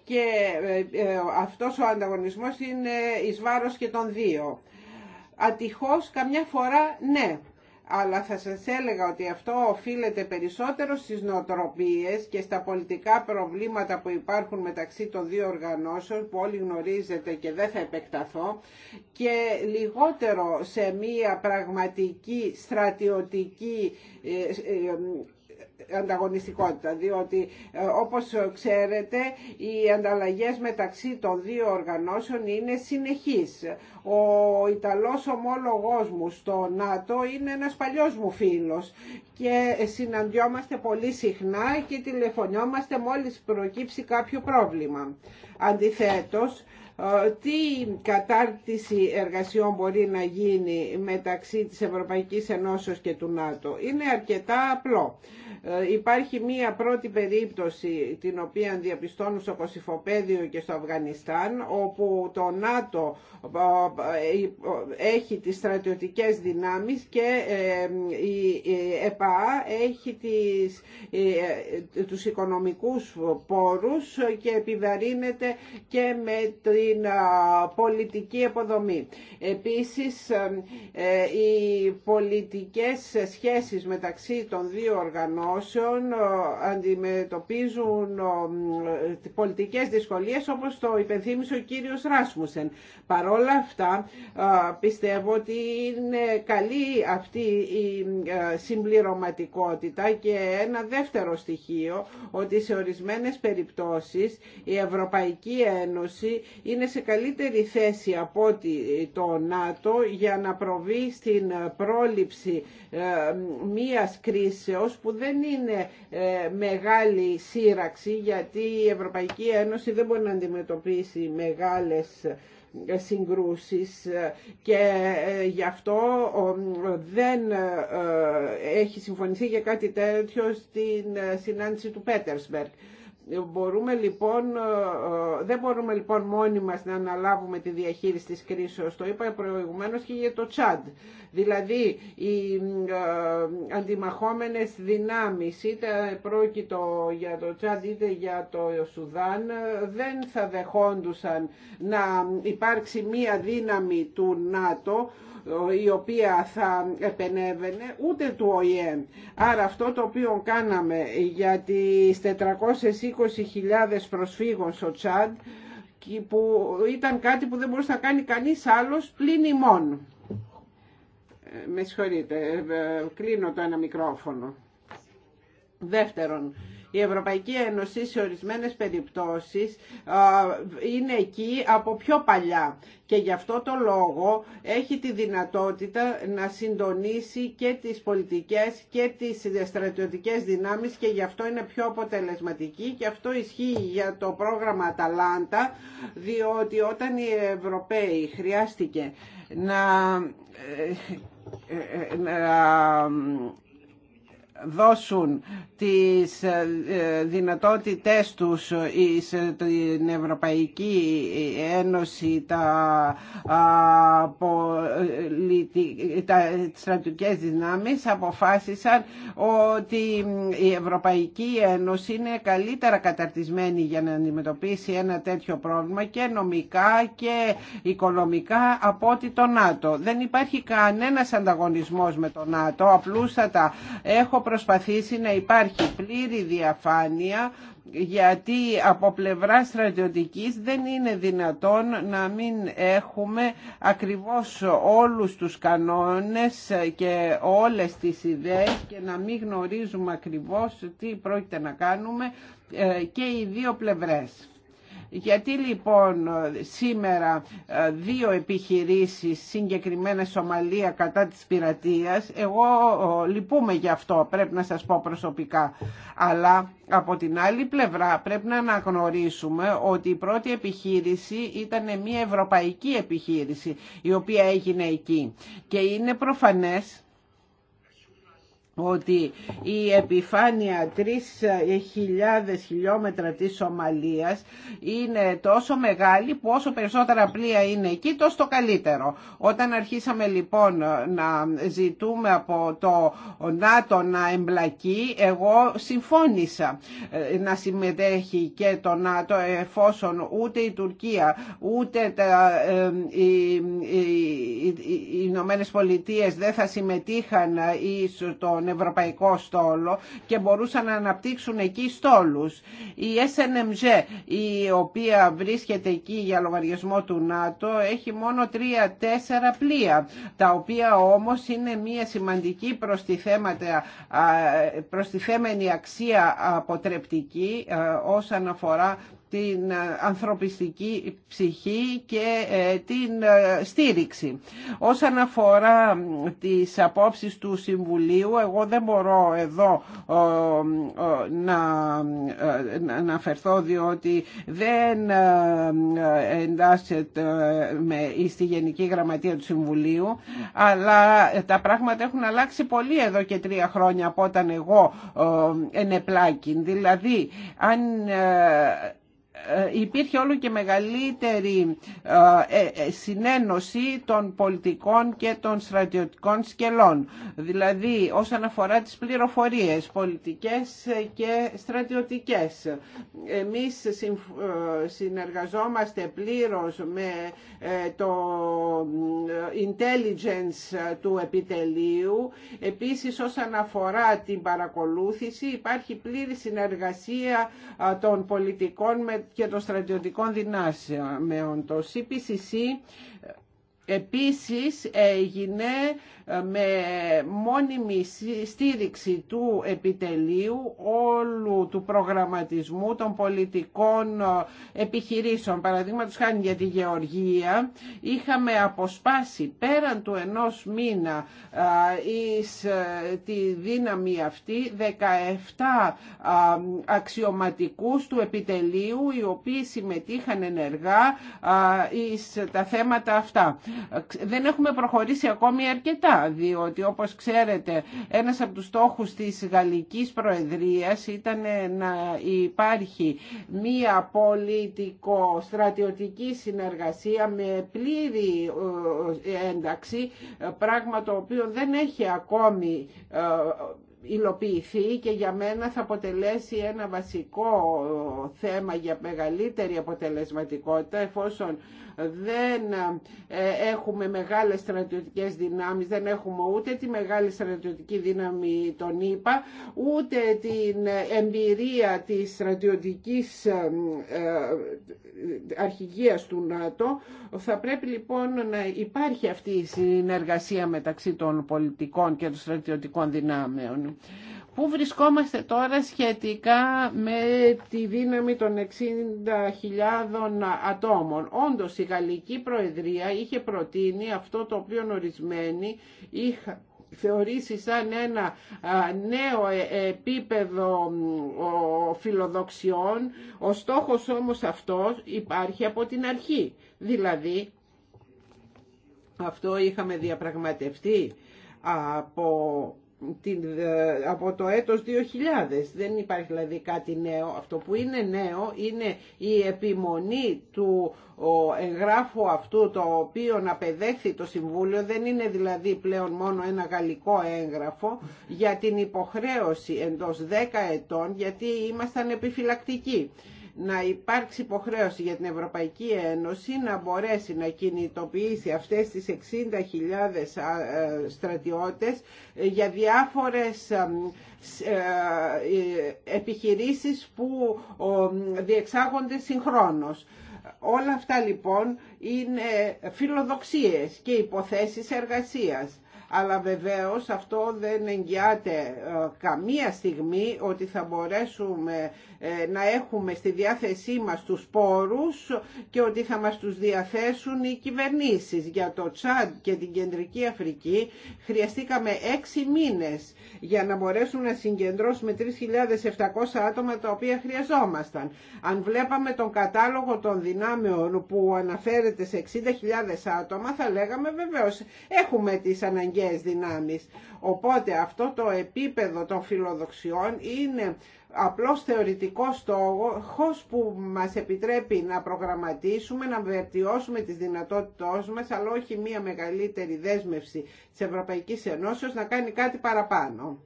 B: και ε, ε, αυτός ο ανταγωνισμός είναι εις βάρος και των δύο. Ατυχώς καμιά φορά ναι, αλλά θα σας έλεγα ότι αυτό οφείλεται περισσότερο στις νοοτροπίες και στα πολιτικά προβλήματα που υπάρχουν μεταξύ των δύο οργανώσεων που όλοι γνωρίζετε και δεν θα επεκταθώ και λιγότερο σε μία πραγματική στρατιωτική ε, ε, ανταγωνιστικότητα διότι ε, όπως ξέρετε οι ανταλλαγές μεταξύ των δύο οργανώσεων είναι συνεχείς. Ο Ιταλός ομόλογός μου στο ΝΑΤΟ είναι ένας παλιός μου φίλος και συναντιόμαστε πολύ συχνά και τηλεφωνιόμαστε μόλις προκύψει κάποιο πρόβλημα. Αντιθέτως, ε, τι κατάρτιση εργασιών μπορεί να γίνει μεταξύ της Ευρωπαϊκής Ενώσεως και του ΝΑΤΟ. Είναι αρκετά απλό. Ε, υπάρχει μία πρώτη περίπτωση την οποία διαπιστώνουν στο Κωσυφοπέδιο και στο Αφγανιστάν όπου το ΝΑΤΟ ε, ε, έχει τις στρατιωτικές δυνάμεις και η ΕΠΑ έχει τις, τους οικονομικούς πόρους και επιβαρύνεται και με την πολιτική αποδομή. Επίσης οι πολιτικές σχέσεις μεταξύ των δύο οργανών αντιμετωπίζουν πολιτικές δυσκολίες όπως το υπενθύμισε ο κύριος Ράσμουσεν. Παρόλα αυτά πιστεύω ότι είναι καλή αυτή η συμπληρωματικότητα και ένα δεύτερο στοιχείο ότι σε ορισμένες περιπτώσεις η Ευρωπαϊκή Ένωση είναι σε καλύτερη θέση από ότι το ΝΑΤΟ για να προβεί στην πρόληψη ε, μίας κρίσεως που δεν δεν είναι ε, μεγάλη σύραξη γιατί η Ευρωπαϊκή Ένωση δεν μπορεί να αντιμετωπίσει μεγάλες ε, συγκρούσεις ε, και γι' αυτό δεν έχει συμφωνηθεί για κάτι τέτοιο στην συνάντηση του Πέτερσμπεργκ. Μπορούμε λοιπόν, δεν μπορούμε λοιπόν μόνοι μας να αναλάβουμε τη διαχείριση της κρίσης, το είπα προηγουμένως και για το Τσάντ. Δηλαδή οι ε, αντιμαχόμενες δυνάμεις είτε πρόκειτο για το Τσάντ είτε για το Σουδάν δεν θα δεχόντουσαν να υπάρξει μία δύναμη του ΝΑΤΟ η οποία θα επενέβαινε ούτε του ΟΗΕ. Άρα αυτό το οποίο κάναμε για τις 420.000 προσφύγων στο Τσάντ που ήταν κάτι που δεν μπορούσε να κάνει κανείς άλλος πλην ημών. Με συγχωρείτε, ε, ε, κλείνω το ένα μικρόφωνο. Δεύτερον, η Ευρωπαϊκή Ένωση σε ορισμένες περιπτώσεις είναι εκεί από πιο παλιά και γι' αυτό το λόγο έχει τη δυνατότητα να συντονίσει και τις πολιτικές και τις στρατιωτικές δυνάμεις και γι' αυτό είναι πιο αποτελεσματική και αυτό ισχύει για το πρόγραμμα Αταλάντα διότι όταν οι Ευρωπαίοι χρειάστηκε να ε, να δώσουν τις ε, δυνατότητές τους στην ε, Ευρωπαϊκή Ένωση τα, τα στρατιωτικές δυνάμεις αποφάσισαν ότι η Ευρωπαϊκή Ένωση είναι καλύτερα καταρτισμένη για να αντιμετωπίσει ένα τέτοιο πρόβλημα και νομικά και οικονομικά από ότι το ΝΑΤΟ. Δεν υπάρχει κανένας ανταγωνισμός με το ΝΑΤΟ, απλούστατα έχω προσπαθήσει να υπάρχει πλήρη διαφάνεια γιατί από πλευρά στρατιωτικής δεν είναι δυνατόν να μην έχουμε ακριβώς όλους τους κανόνες και όλες τις ιδέες και να μην γνωρίζουμε ακριβώς τι πρόκειται να κάνουμε ε, και οι δύο πλευρές. Γιατί λοιπόν ε, σήμερα ε, δύο επιχειρήσεις συγκεκριμένα Σομαλία κατά της πειρατείας, εγώ ε, λυπούμαι γι' αυτό πρέπει να σας πω προσωπικά. Αλλά από την άλλη πλευρά πρέπει να αναγνωρίσουμε ότι η πρώτη επιχείρηση ήταν μια ευρωπαϊκή επιχείρηση η οποία έγινε εκεί. Και είναι προφανές ότι η επιφάνεια 3.000 ε, χιλιόμετρα της Σομαλίας είναι τόσο μεγάλη που όσο περισσότερα πλοία είναι εκεί τόσο το καλύτερο. Όταν αρχίσαμε λοιπόν να ζητούμε από το ΝΑΤΟ να εμπλακεί εγώ συμφώνησα ε, να συμμετέχει και το ΝΑΤΟ εφόσον ούτε η Τουρκία ούτε ε, οι, οι, Ηνωμένε Πολιτείες δεν θα συμμετείχαν στο ευρωπαϊκό στόλο και μπορούσαν να αναπτύξουν εκεί στόλους. Η SNMG η οποία βρίσκεται εκεί για λογαριασμό του ΝΑΤΟ έχει μόνο 3-4 πλοία τα οποία όμως είναι μια σημαντική προστιθέμενη αξία αποτρεπτική ε, όσον αφορά την ανθρωπιστική ψυχή και ε, την ε, στήριξη. Όσον αφορά τις απόψεις του Συμβουλίου, εγώ δεν μπορώ εδώ ε, να αναφερθώ διότι δεν εντάσσεται με, στη Γενική Γραμματεία του Συμβουλίου αλλά τα πράγματα έχουν αλλάξει πολύ εδώ και τρία χρόνια από όταν εγώ ενεπλάκην. Δηλαδή, αν ε, υπήρχε όλο και μεγαλύτερη ε, ε, συνένωση των πολιτικών και των στρατιωτικών σκελών. Δηλαδή όσον αφορά τις πληροφορίες πολιτικές και στρατιωτικές. Εμείς συνεργαζόμαστε πλήρως με το intelligence του επιτελείου. Επίσης όσον αφορά την παρακολούθηση υπάρχει πλήρη συνεργασία των πολιτικών με και των στρατιωτικών δυνάσεων. Το CPCC επίσης έγινε με μόνιμη στήριξη του επιτελείου όλου του προγραμματισμού των πολιτικών ε, επιχειρήσεων. Παραδείγματο χάνει για τη Γεωργία είχαμε αποσπάσει πέραν του ενός μήνα ε, εις ε, τη δύναμη αυτή 17 αξιωματικούς του επιτελείου οι οποίοι συμμετείχαν ενεργά εις τα θέματα αυτά. Δεν έχουμε προχωρήσει ακόμη αρκετά διότι όπως ξέρετε ένας από τους στόχους της Γαλλικής Προεδρίας ήταν να υπάρχει μία πολιτικο-στρατιωτική συνεργασία με πλήρη ε, ένταξη, πράγμα το οποίο δεν έχει ακόμη ε, υλοποιηθεί και για μένα θα αποτελέσει ένα βασικό ε, θέμα για μεγαλύτερη αποτελεσματικότητα εφόσον δεν ε, έχουμε μεγάλες στρατιωτικές δυνάμεις, δεν έχουμε ούτε τη μεγάλη στρατιωτική δύναμη των ΗΠΑ, ούτε την εμπειρία της στρατιωτικής ε, ε, αρχηγίας του ΝΑΤΟ. Θα πρέπει λοιπόν να υπάρχει αυτή η συνεργασία μεταξύ των πολιτικών και των στρατιωτικών δυνάμεων. Πού βρισκόμαστε τώρα σχετικά με τη δύναμη των 60.000 ατόμων. Όντως η Γαλλική Προεδρία είχε προτείνει αυτό το οποίο ορισμένοι είχα θεωρήσει σαν ένα νέο ε, επίπεδο φιλοδοξιών. Ο στόχος όμως αυτός υπάρχει από την αρχή. Δηλαδή, αυτό είχαμε διαπραγματευτεί από ε, από το έτος 2000. Δεν υπάρχει δηλαδή κάτι νέο. Αυτό που είναι νέο είναι η επιμονή του εγγράφου αυτού το οποίο να απεδέχθη το Συμβούλιο. Δεν είναι δηλαδή πλέον μόνο ένα γαλλικό έγγραφο για την υποχρέωση εντός 10 ετών γιατί ήμασταν επιφυλακτικοί να υπάρξει υποχρέωση για την Ευρωπαϊκή Ένωση να μπορέσει να κινητοποιήσει αυτές τις 60.000 ε, στρατιώτες ε, για διάφορες ε, επιχειρήσεις που διεξάγονται συγχρόνως. Όλα αυτά λοιπόν είναι φιλοδοξίες και υποθέσεις εργασίας αλλά βεβαίως αυτό δεν εγγυάται ε, καμία στιγμή ότι θα μπορέσουμε ε, να έχουμε στη διάθεσή μας τους πόρους και ότι θα μας τους διαθέσουν οι κυβερνήσεις. Για το Τσάντ και την Κεντρική Αφρική χρειαστήκαμε έξι μήνες για να μπορέσουν να συγκεντρώσουμε 3.700 άτομα τα οποία χρειαζόμασταν. Αν βλέπαμε τον κατάλογο των δυνάμεων που αναφέρεται σε 60.000 άτομα θα λέγαμε βεβαίως έχουμε τις αναγκαίες Οπότε αυτό το επίπεδο των φιλοδοξιών είναι απλώς θεωρητικό στόχος που μας επιτρέπει να προγραμματίσουμε, να βελτιώσουμε τις δυνατότητες μας, αλλά όχι μια μεγαλύτερη δέσμευση της Ευρωπαϊκής Ενώσεως να κάνει κάτι παραπάνω.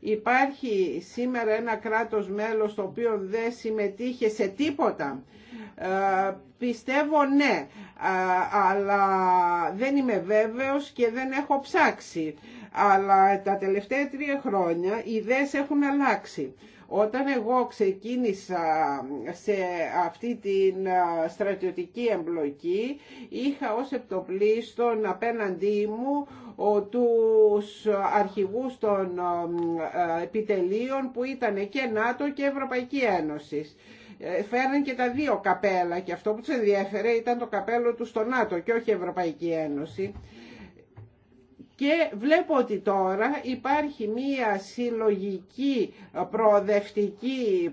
B: Υπάρχει σήμερα ένα κράτος μέλος το οποίο δεν συμμετείχε σε τίποτα ε, πιστεύω ναι, αλλά δεν είμαι βέβαιος και δεν έχω ψάξει. Αλλά τα τελευταία τρία χρόνια οι ιδέες έχουν αλλάξει. Όταν εγώ ξεκίνησα σε αυτή την στρατιωτική εμπλοκή, είχα ως επτοπλίστων απέναντί μου τους αρχηγούς των επιτελείων που ήταν και ΝΑΤΟ και Ευρωπαϊκή Ένωση. Ε, φέρναν και τα δύο καπέλα και αυτό που του ενδιαφέρε ήταν το καπέλο του στο ΝΑΤΟ και όχι η Ευρωπαϊκή Ένωση. Και βλέπω ότι τώρα υπάρχει μία συλλογική ε, προοδευτική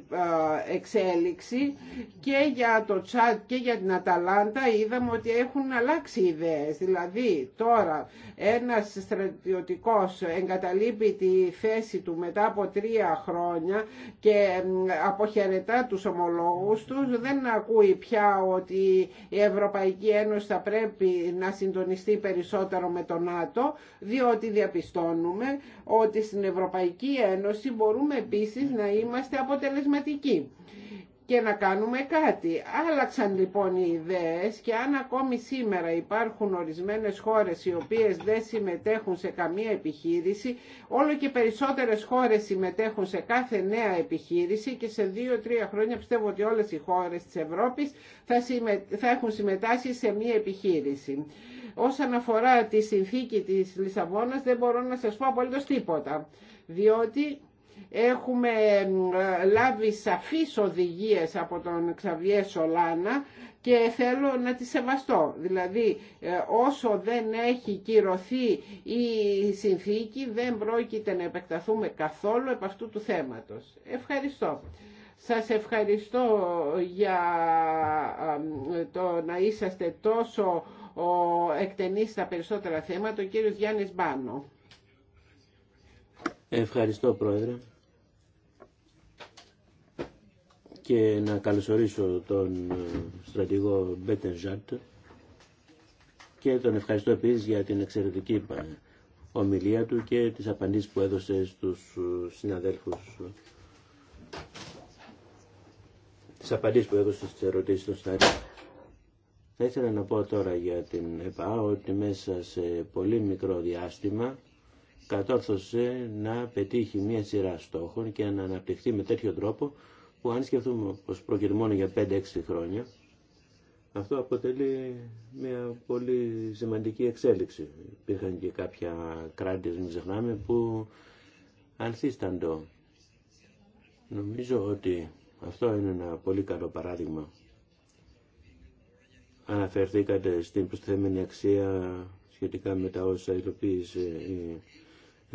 B: ε, εξέλιξη και για το Τσάτ και για την Αταλάντα είδαμε ότι έχουν αλλάξει ιδέες. Δηλαδή τώρα ένας στρατιωτικός εγκαταλείπει τη θέση του μετά από τρία χρόνια και αποχαιρετά τους ομολόγους τους. Δεν ακούει πια ότι η Ευρωπαϊκή Ένωση θα πρέπει να συντονιστεί περισσότερο με τον ΝΑΤΟ διότι διαπιστώνουμε ότι στην Ευρωπαϊκή Ένωση μπορούμε επίσης να είμαστε αποτελεσματικοί και να κάνουμε κάτι. Άλλαξαν λοιπόν οι ιδέες και αν ακόμη σήμερα υπάρχουν ορισμένες χώρες οι οποίες δεν συμμετέχουν σε καμία επιχείρηση, όλο και περισσότερες χώρες συμμετέχουν σε κάθε νέα επιχείρηση και σε δύο-τρία χρόνια πιστεύω ότι όλες οι χώρες της Ευρώπης θα, συμμε... θα έχουν συμμετάσχει σε μία επιχείρηση. Όσον αφορά τη συνθήκη της Λισαβόνας δεν μπορώ να σας πω απολύτως τίποτα, διότι έχουμε ε, λάβει σαφείς οδηγίες από τον Ξαβιέ Σολάνα και θέλω να τη σεβαστώ. Δηλαδή ε, όσο δεν έχει κυρωθεί η συνθήκη δεν πρόκειται να επεκταθούμε καθόλου επ' αυτού του θέματος. Ευχαριστώ. Σας ευχαριστώ για ε, το να είσαστε τόσο ο εκτενής στα περισσότερα θέματα, ο κύριος Γιάννης Μπάνο.
A: Ευχαριστώ Πρόεδρε. Και να καλωσορίσω τον ε, στρατηγό Ζαντ και τον ευχαριστώ επίσης για την εξαιρετική ομιλία του και τις απαντήσεις που έδωσε στους ε, συναδέλφους τις απαντήσεις που έδωσε στις ερωτήσεις των συναδέλφων. Θα ήθελα να πω τώρα για την ΕΠΑ ότι μέσα σε πολύ μικρό διάστημα κατόρθωσε να πετύχει μία σειρά στόχων και να αναπτυχθεί με τέτοιο τρόπο που αν σκεφτούμε πως πρόκειται μόνο για 5-6 χρόνια αυτό αποτελεί μια πολύ σημαντική εξέλιξη. Υπήρχαν και κάποια κράτη, μην ξεχνάμε, που ανθίσταντο. Νομίζω ότι αυτό είναι ένα πολύ καλό παράδειγμα αναφερθήκατε στην προσθεμένη αξία σχετικά με τα όσα ειδοποίησε η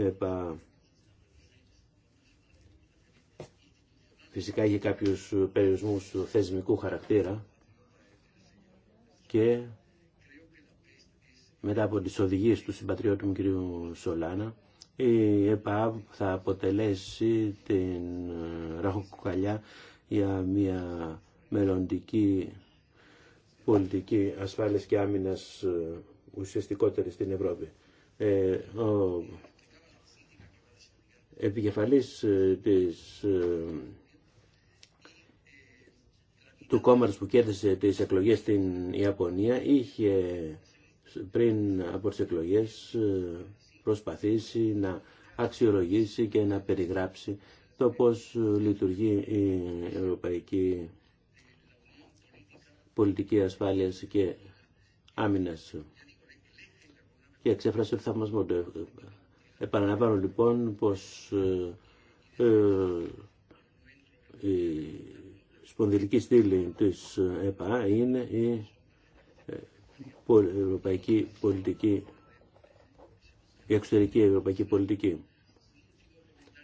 A: ΕΠΑ. Φυσικά είχε κάποιους περιορισμούς θεσμικού χαρακτήρα και μετά από τις οδηγίες του συμπατριώτη μου κ. Σολάνα η ΕΠΑ θα αποτελέσει την ραχοκοκαλιά για μια μελλοντική πολιτική ασφάλειας και άμυνας ε, ουσιαστικότερη στην Ευρώπη. Ε, ο επικεφαλής ε, της, ε, του κόμματος που κέρδισε τις εκλογές στην Ιαπωνία είχε πριν από τις εκλογές προσπαθήσει να αξιολογήσει και να περιγράψει το πώς λειτουργεί η Ευρωπαϊκή πολιτική ασφάλειας και άμυνας. Και εξέφρασε το θαυμασμό του. Επαναλαμβάνω λοιπόν πως ε, ε, η σπονδυλική στήλη της ΕΠΑ είναι η ε, ευρωπαϊκή πολιτική, η εξωτερική ευρωπαϊκή πολιτική.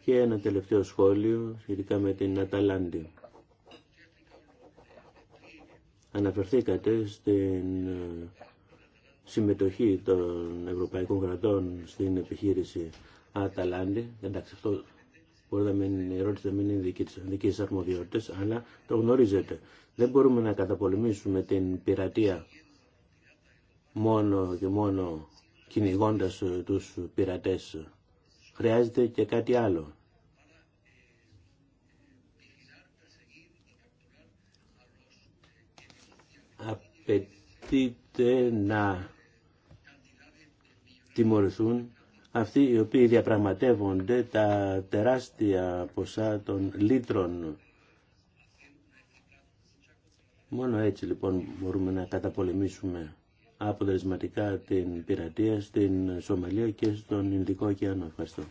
A: Και ένα τελευταίο σχόλιο σχετικά με την Αταλάντη. Αναφερθήκατε στην ε, συμμετοχή των ευρωπαϊκών κρατών στην επιχείρηση Αταλάντη. Εντάξει, αυτό μπορεί να μην, η ερώτηση να είναι δική της, δική της αρμοδιότητας, αλλά το γνωρίζετε. Δεν μπορούμε να καταπολεμήσουμε την πειρατεία μόνο και μόνο κυνηγώντα ε, τους πειρατές. Χρειάζεται και κάτι άλλο. απαιτείται να τιμωρηθούν αυτοί οι οποίοι διαπραγματεύονται τα τεράστια ποσά των λίτρων. Μόνο έτσι λοιπόν μπορούμε να καταπολεμήσουμε αποτελεσματικά την πειρατεία στην Σομαλία και στον Ινδικό ωκεανό. Ευχαριστώ.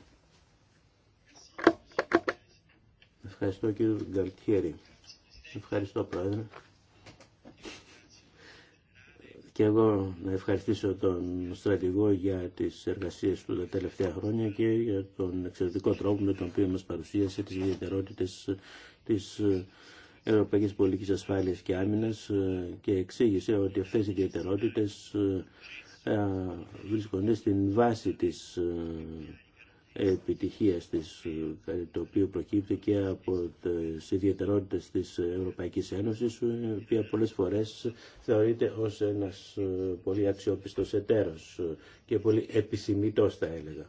A: Ευχαριστώ κύριε Γκαλτιέρη. Ευχαριστώ πρόεδρε και εγώ να ευχαριστήσω τον στρατηγό για τις εργασίες του τα τελευταία χρόνια και για τον εξαιρετικό τρόπο με τον οποίο μας παρουσίασε τις ιδιαιτερότητες της ε, Ευρωπαϊκής Πολιτικής Ασφάλειας και Άμυνας ε, και εξήγησε ότι αυτές οι ιδιαιτερότητες ε, βρίσκονται στην βάση της επιτυχία της, ε, το οποίο προκύπτει και από τις ιδιαιτερότητες της Ευρωπαϊκής Ένωσης, ε, η οποία πολλές φορές θεωρείται ως ένας ε, πολύ αξιόπιστος εταίρος και πολύ επισημητός θα έλεγα.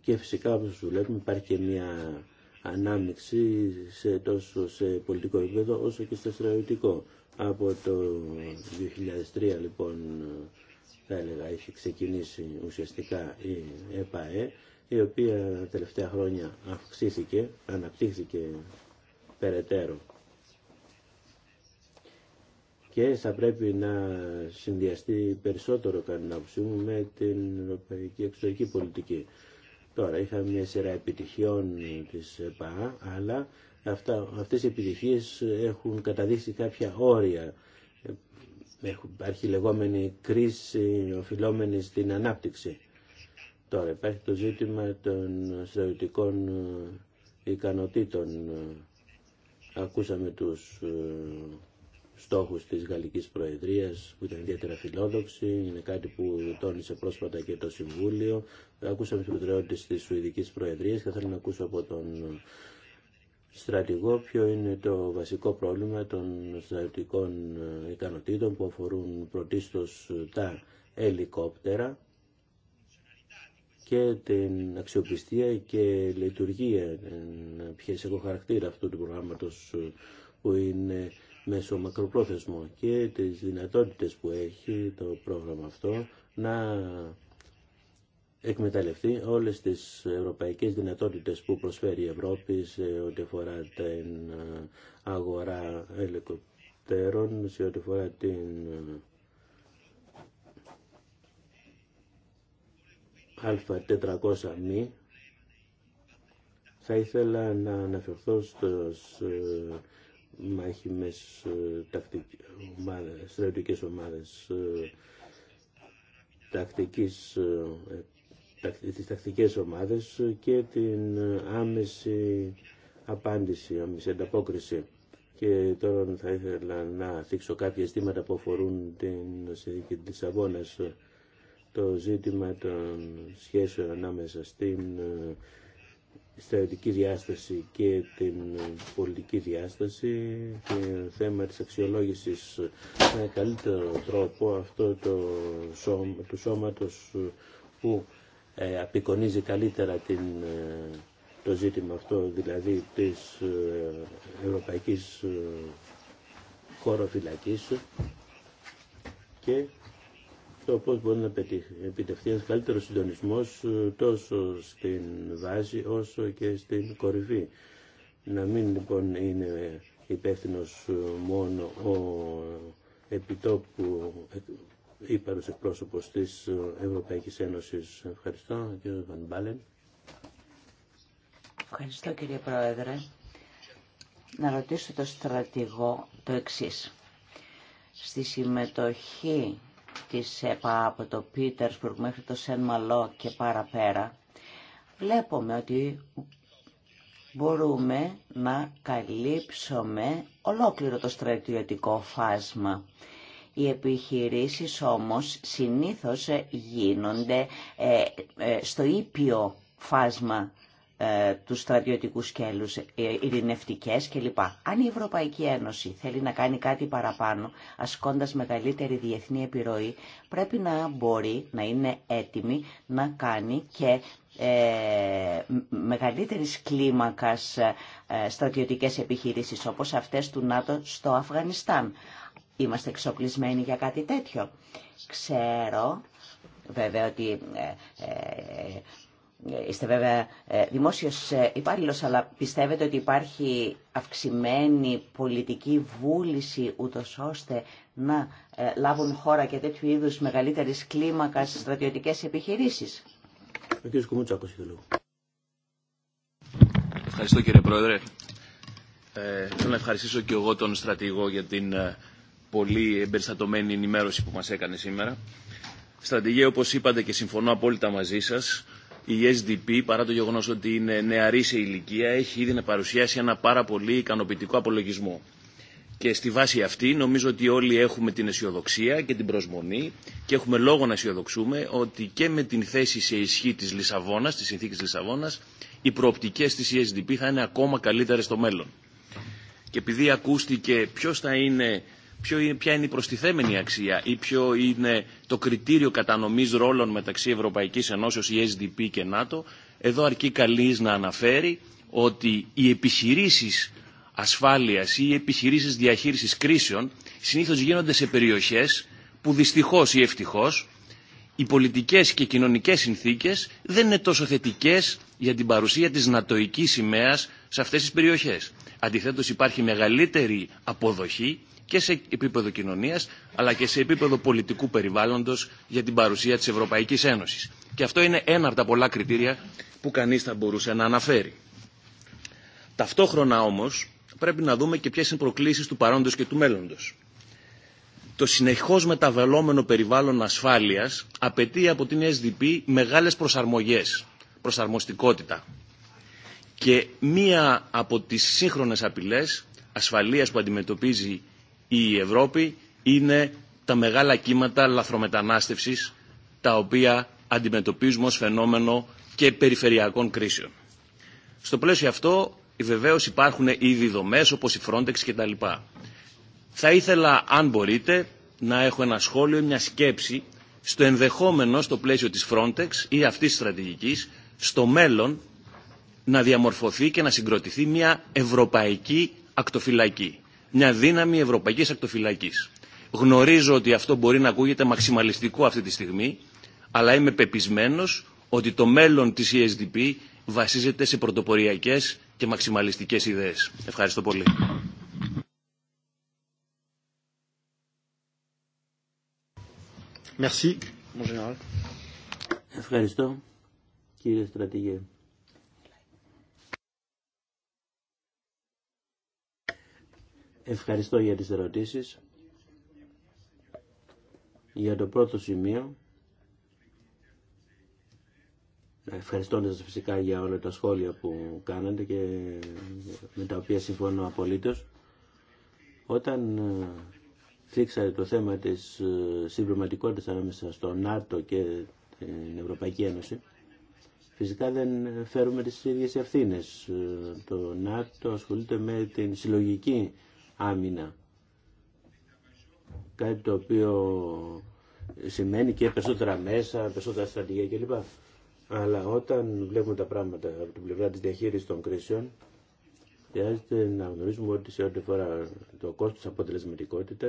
A: Και φυσικά όπως βλέπουμε υπάρχει και μια ανάμειξη σε, τόσο σε πολιτικό επίπεδο όσο και στο στρατιωτικό. Από το 2003 λοιπόν θα έλεγα είχε ξεκινήσει ουσιαστικά η ΕΠΑΕ η οποία τα τελευταία χρόνια αυξήθηκε, αναπτύχθηκε περαιτέρω και θα πρέπει να συνδυαστεί περισσότερο κανένα με την ευρωπαϊκή εξωτερική πολιτική. Τώρα είχαμε μια σειρά επιτυχιών της ΕΠΑ αλλά αυτά, αυτές οι επιτυχίες έχουν καταδείξει κάποια όρια. Υπάρχει λεγόμενη κρίση οφειλόμενη στην ανάπτυξη. Τώρα υπάρχει το ζήτημα των στρατιωτικών ε, ικανοτήτων. Ακούσαμε τους ε, στόχους της Γαλλικής Προεδρίας που ήταν ιδιαίτερα φιλόδοξοι. είναι κάτι που τόνισε πρόσφατα και το Συμβούλιο. Ακούσαμε τις προτεραιότητες της Σουηδικής Προεδρίας και θέλω να ακούσω από τον στρατηγό ποιο είναι το βασικό πρόβλημα των στρατιωτικών ε, ικανοτήτων που αφορούν πρωτίστως ε, τα ελικόπτερα και την αξιοπιστία και λειτουργία ε, έχω χαρακτήρα αυτού του προγράμματος που είναι μέσω μακροπρόθεσμο και τις δυνατότητες που έχει το πρόγραμμα αυτό να εκμεταλλευτεί όλες τις ευρωπαϊκές δυνατότητες που προσφέρει η Ευρώπη σε ό,τι αφορά την αγορά ελικοπτέρων, σε ό,τι αφορά την α400 μη. Θα ήθελα να αναφερθώ στους ε, μάχημες ε, στρατιωτικές ομάδες ε, τακτικής τις τακτικές ομάδες και την άμεση απάντηση, άμεση ανταπόκριση. Και τώρα θα ήθελα να θίξω κάποια αισθήματα που αφορούν την συνθήκη της Λισαβόνας, το ζήτημα των σχέσεων ανάμεσα στην ε, στρατιωτική διάσταση και την πολιτική διάσταση και θέμα της αξιολόγησης με καλύτερο τρόπο αυτό το σώμα, του σώματος που ε, απεικονίζει καλύτερα την, ε, το ζήτημα αυτό, δηλαδή της ε, ευρωπαϊκής χωροφυλακής και το πώς μπορεί να επιτευχθεί ένας καλύτερος συντονισμός τόσο στην βάση όσο και στην κορυφή. Να μην λοιπόν είναι υπεύθυνο μόνο ο επιτόπου ύπαρος εκπρόσωπος της Ευρωπαϊκής Ένωσης. Ευχαριστώ, κύριε Βανμπάλεν.
C: Ευχαριστώ, κύριε Πρόεδρε. Να ρωτήσω το στρατηγό το εξής. Στη συμμετοχή της ΕΠΑ από το Πίτερσπουργκ μέχρι το Σεν Μαλό και παραπέρα, βλέπουμε ότι μπορούμε να καλύψουμε ολόκληρο το στρατιωτικό φάσμα. Οι επιχειρήσεις όμως συνήθως ε, γίνονται ε, ε, στο ήπιο φάσμα του στρατιωτικού σκέλους, ειρηνευτικές κλπ. Αν η Ευρωπαϊκή Ένωση θέλει να κάνει κάτι παραπάνω, ασκώντας μεγαλύτερη διεθνή επιρροή, πρέπει να μπορεί να είναι έτοιμη να κάνει και ε, μεγαλύτερης κλίμακας ε, στρατιωτικές επιχειρήσεις όπως αυτές του ΝΑΤΟ στο Αφγανιστάν. Είμαστε εξοπλισμένοι για κάτι τέτοιο. Ξέρω βέβαια ότι ε, ε, ε, είστε βέβαια δημόσιος υπάλληλο, αλλά πιστεύετε ότι υπάρχει αυξημένη πολιτική βούληση ούτω ώστε να λάβουν χώρα και τέτοιου είδους μεγαλύτερης κλίμακας στρατιωτικές επιχειρήσεις.
A: Ο κ. Κουμούτσακος,
D: Ευχαριστώ κύριε Πρόεδρε. Ε, θέλω να ευχαριστήσω και εγώ τον στρατηγό για την πολύ εμπεριστατωμένη ενημέρωση που μας έκανε σήμερα. Στρατηγέ, όπως είπατε και συμφωνώ απόλυτα μαζί σας, η SDP, παρά το γεγονός ότι είναι νεαρή σε ηλικία, έχει ήδη να παρουσιάσει ένα πάρα πολύ ικανοποιητικό απολογισμό. Και στη βάση αυτή νομίζω ότι όλοι έχουμε την αισιοδοξία και την προσμονή και έχουμε λόγο να αισιοδοξούμε ότι και με την θέση σε ισχύ της Λισαβόνας, της συνθήκης Λισαβόνας, οι προοπτικές της ESDP θα είναι ακόμα καλύτερες στο μέλλον. Και επειδή ακούστηκε ποιος θα είναι ποια είναι η προστιθέμενη αξία ή ποιο είναι το κριτήριο κατανομής ρόλων μεταξύ Ευρωπαϊκής Ενώσεως, η SDP και ΝΑΤΟ, εδώ αρκεί καλής να αναφέρει ότι οι επιχειρήσεις ασφάλειας ή οι επιχειρήσεις διαχείρισης κρίσεων συνήθως γίνονται σε περιοχές που δυστυχώς ή ευτυχώς οι πολιτικές και κοινωνικές συνθήκες δεν είναι τόσο θετικές για την παρουσία της νατοικής σημαίας σε αυτές τις περιοχές. Αντιθέτως υπάρχει μεγαλύτερη αποδοχή και σε επίπεδο κοινωνίας αλλά και σε επίπεδο πολιτικού περιβάλλοντος για την παρουσία της Ευρωπαϊκής Ένωσης. Και αυτό είναι ένα από τα πολλά κριτήρια που κανείς θα μπορούσε να αναφέρει. Ταυτόχρονα όμως πρέπει να δούμε και ποιες είναι προκλήσεις του παρόντος και του μέλλοντος. Το συνεχώς μεταβαλλόμενο περιβάλλον ασφάλειας απαιτεί από την SDP μεγάλες προσαρμογές, προσαρμοστικότητα. Και μία από τις σύγχρονες απειλές ασφαλείας που αντιμετωπίζει η Ευρώπη είναι τα μεγάλα κύματα λαθρομετανάστευσης τα οποία αντιμετωπίζουμε ως φαινόμενο και περιφερειακών κρίσεων. Στο πλαίσιο αυτό βεβαίως υπάρχουν ήδη δομές όπως η Frontex κτλ. Θα ήθελα, αν μπορείτε, να έχω ένα σχόλιο, μια σκέψη στο ενδεχόμενο στο πλαίσιο της Frontex ή αυτής της στρατηγικής στο μέλλον να διαμορφωθεί και να συγκροτηθεί μια ευρωπαϊκή ακτοφυλακή μια δύναμη ευρωπαϊκής Ακτοφυλακή. Γνωρίζω ότι αυτό μπορεί να ακούγεται μαξιμαλιστικό αυτή τη στιγμή, αλλά είμαι πεπισμένο ότι το μέλλον της ESDP βασίζεται σε πρωτοποριακέ και μαξιμαλιστικέ ιδέες. Ευχαριστώ πολύ.
A: Merci. Ευχαριστώ, κύριε Στρατηγέ. Ευχαριστώ για τις ερωτήσεις. Για το πρώτο σημείο, σας φυσικά για όλα τα σχόλια που κάνατε και με τα οποία συμφωνώ απολύτως, όταν ε, θίξατε το θέμα της ε, συμπληρωματικότητας ανάμεσα στο ΝΑΤΟ και την Ευρωπαϊκή Ένωση, Φυσικά δεν φέρουμε τις ίδιες ευθύνες. Ε, το ΝΑΤΟ ασχολείται με την συλλογική άμυνα. Κάτι το οποίο σημαίνει και περισσότερα μέσα, περισσότερα στρατηγία κλπ. Αλλά όταν βλέπουμε τα πράγματα από την πλευρά της διαχείρισης των κρίσεων, χρειάζεται να γνωρίζουμε ότι σε ό,τι φορά το κόστος αποτελεσματικότητα,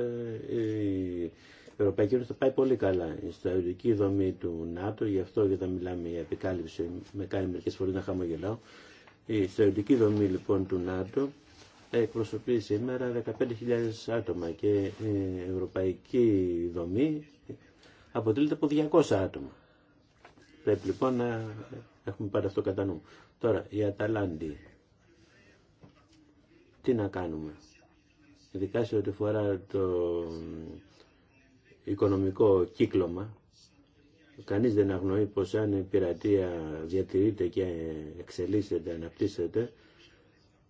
A: η Ευρωπαϊκή Ένωση θα πάει πολύ καλά. Η στρατηγική δομή του ΝΑΤΟ, γι' αυτό και θα μιλάμε η επικάλυψη, με κάνει μερικές φορές να χαμογελάω, η στρατηγική δομή λοιπόν του ΝΑΤΟ εκπροσωπεί σήμερα 15.000 άτομα και η ευρωπαϊκή δομή αποτελείται από 200 άτομα. Πρέπει λοιπόν να έχουμε πάντα αυτό κατά νου. Τώρα, η Αταλάντη, τι να κάνουμε, ειδικά σε ό,τι φορά το οικονομικό κύκλωμα, κανείς δεν αγνοεί πως αν η πειρατεία διατηρείται και εξελίσσεται, αναπτύσσεται,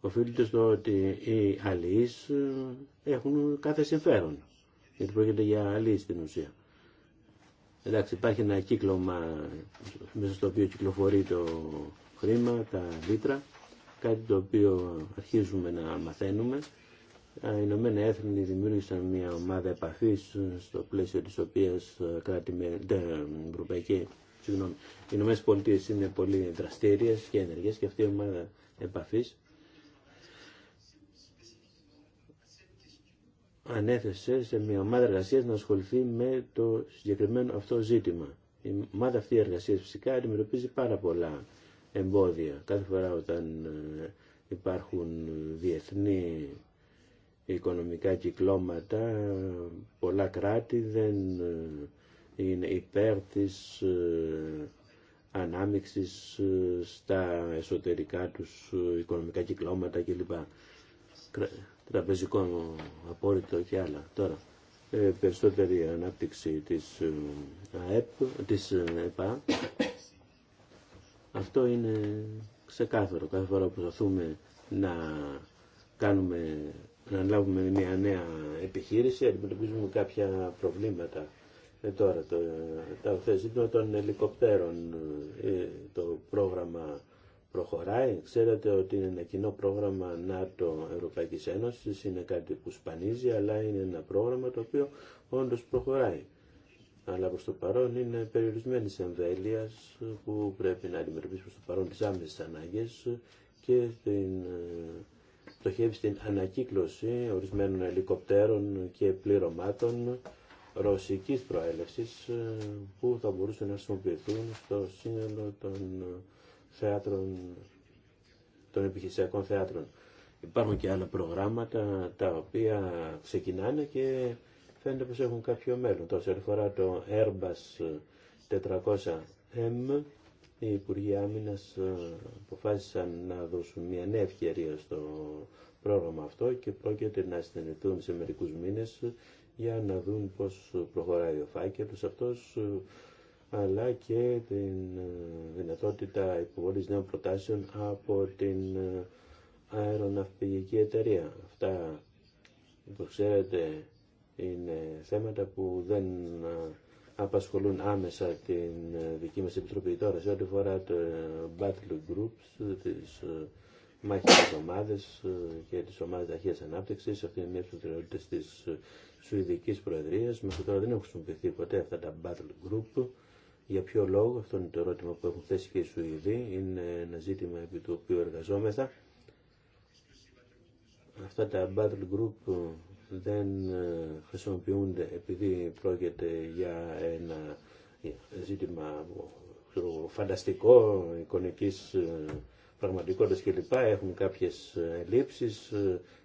A: οφείλεται στο ότι οι αλείς ε, έχουν κάθε συμφέρον. Γιατί πρόκειται για αλληλείς στην ουσία. Εντάξει, υπάρχει ένα κύκλωμα μέσα στο οποίο κυκλοφορεί το χρήμα, τα λίτρα, κάτι το οποίο αρχίζουμε να μαθαίνουμε. Οι Ηνωμένα Έθνη δημιούργησαν μια ομάδα επαφής ε, στο πλαίσιο της οποίας ε, κράτη με, ευρωπαϊκή, συγγνώμη, οι Ηνωμένες Πολιτείες είναι πολύ δραστήριες και ενεργές και αυτή η ομάδα επαφής ανέθεσε σε μια ομάδα εργασία να ασχοληθεί με το συγκεκριμένο αυτό ζήτημα. Η ομάδα αυτή εργασία φυσικά αντιμετωπίζει πάρα πολλά εμπόδια. Κάθε φορά όταν ε, υπάρχουν διεθνή οικονομικά κυκλώματα, πολλά κράτη δεν ε, είναι υπέρ της ε, ανάμειξης στα εσωτερικά τους οικονομικά κυκλώματα κλπ τραπεζικό απόρριτο και άλλα. Τώρα, ε, περισσότερη ανάπτυξη της ε, ΑΕΠ, της ε, ΕΠΑ. Αυτό είναι ξεκάθαρο. Κάθε φορά που προσπαθούμε να κάνουμε να λάβουμε μια νέα επιχείρηση, αντιμετωπίζουμε κάποια προβλήματα. τώρα, το, τα ζήτημα των ελικοπτέρων, το πρόγραμμα προχωράει. Ξέρετε ότι είναι ένα κοινό πρόγραμμα ΝΑΤΟ Ευρωπαϊκής Ένωσης, είναι κάτι που σπανίζει, αλλά είναι ένα πρόγραμμα το οποίο όντως προχωράει. Αλλά προς το παρόν είναι περιορισμένης εμβέλειας που πρέπει να αντιμετωπίσει προς το παρόν τις άμεσες ανάγκες και την ε, στοχεύει στην ανακύκλωση ορισμένων ελικοπτέρων και πληρωμάτων ρωσικής προέλευσης ε, που θα μπορούσαν να χρησιμοποιηθούν στο σύνολο των θεάτρων, των επιχειρησιακών θεάτρων. Υπάρχουν και άλλα προγράμματα τα οποία ξεκινάνε και φαίνεται πως έχουν κάποιο μέλλον. Τόσο φορά το Airbus 400M, οι Υπουργοί Άμυνα ε, αποφάσισαν να δώσουν μια νέα ευκαιρία στο πρόγραμμα αυτό και πρόκειται να συνενεθούν σε μερικούς μήνες για να δουν πώς προχωράει ο φάκελος αυτός ε, αλλά και την ε, δυνατότητα υποβολής νέων προτάσεων από την ε, αεροναυπηγική εταιρεία. Αυτά, που ξέρετε, είναι θέματα που δεν ε, απασχολούν άμεσα την δική μας Επιτροπή τώρα σε ό,τι φορά το Battle Groups, τις μάχες ομάδες και τις ομάδες ταχείας ανάπτυξης. Αυτή είναι μια από τις προτεραιότητες της Σουηδικής Προεδρίας. Μέχρι τώρα δεν έχουν χρησιμοποιηθεί ποτέ αυτά τα Battle Group. Για ποιο λόγο, αυτό είναι το ερώτημα που έχουν θέσει και οι Σουηδοί, είναι ένα ζήτημα επί του οποίου εργαζόμεθα. Αυτά τα battle group δεν ε, χρησιμοποιούνται επειδή πρόκειται για ένα ζήτημα φανταστικό, εικονικής ε, πραγματικότητας κλπ. Έχουν κάποιες ε, ελλείψεις,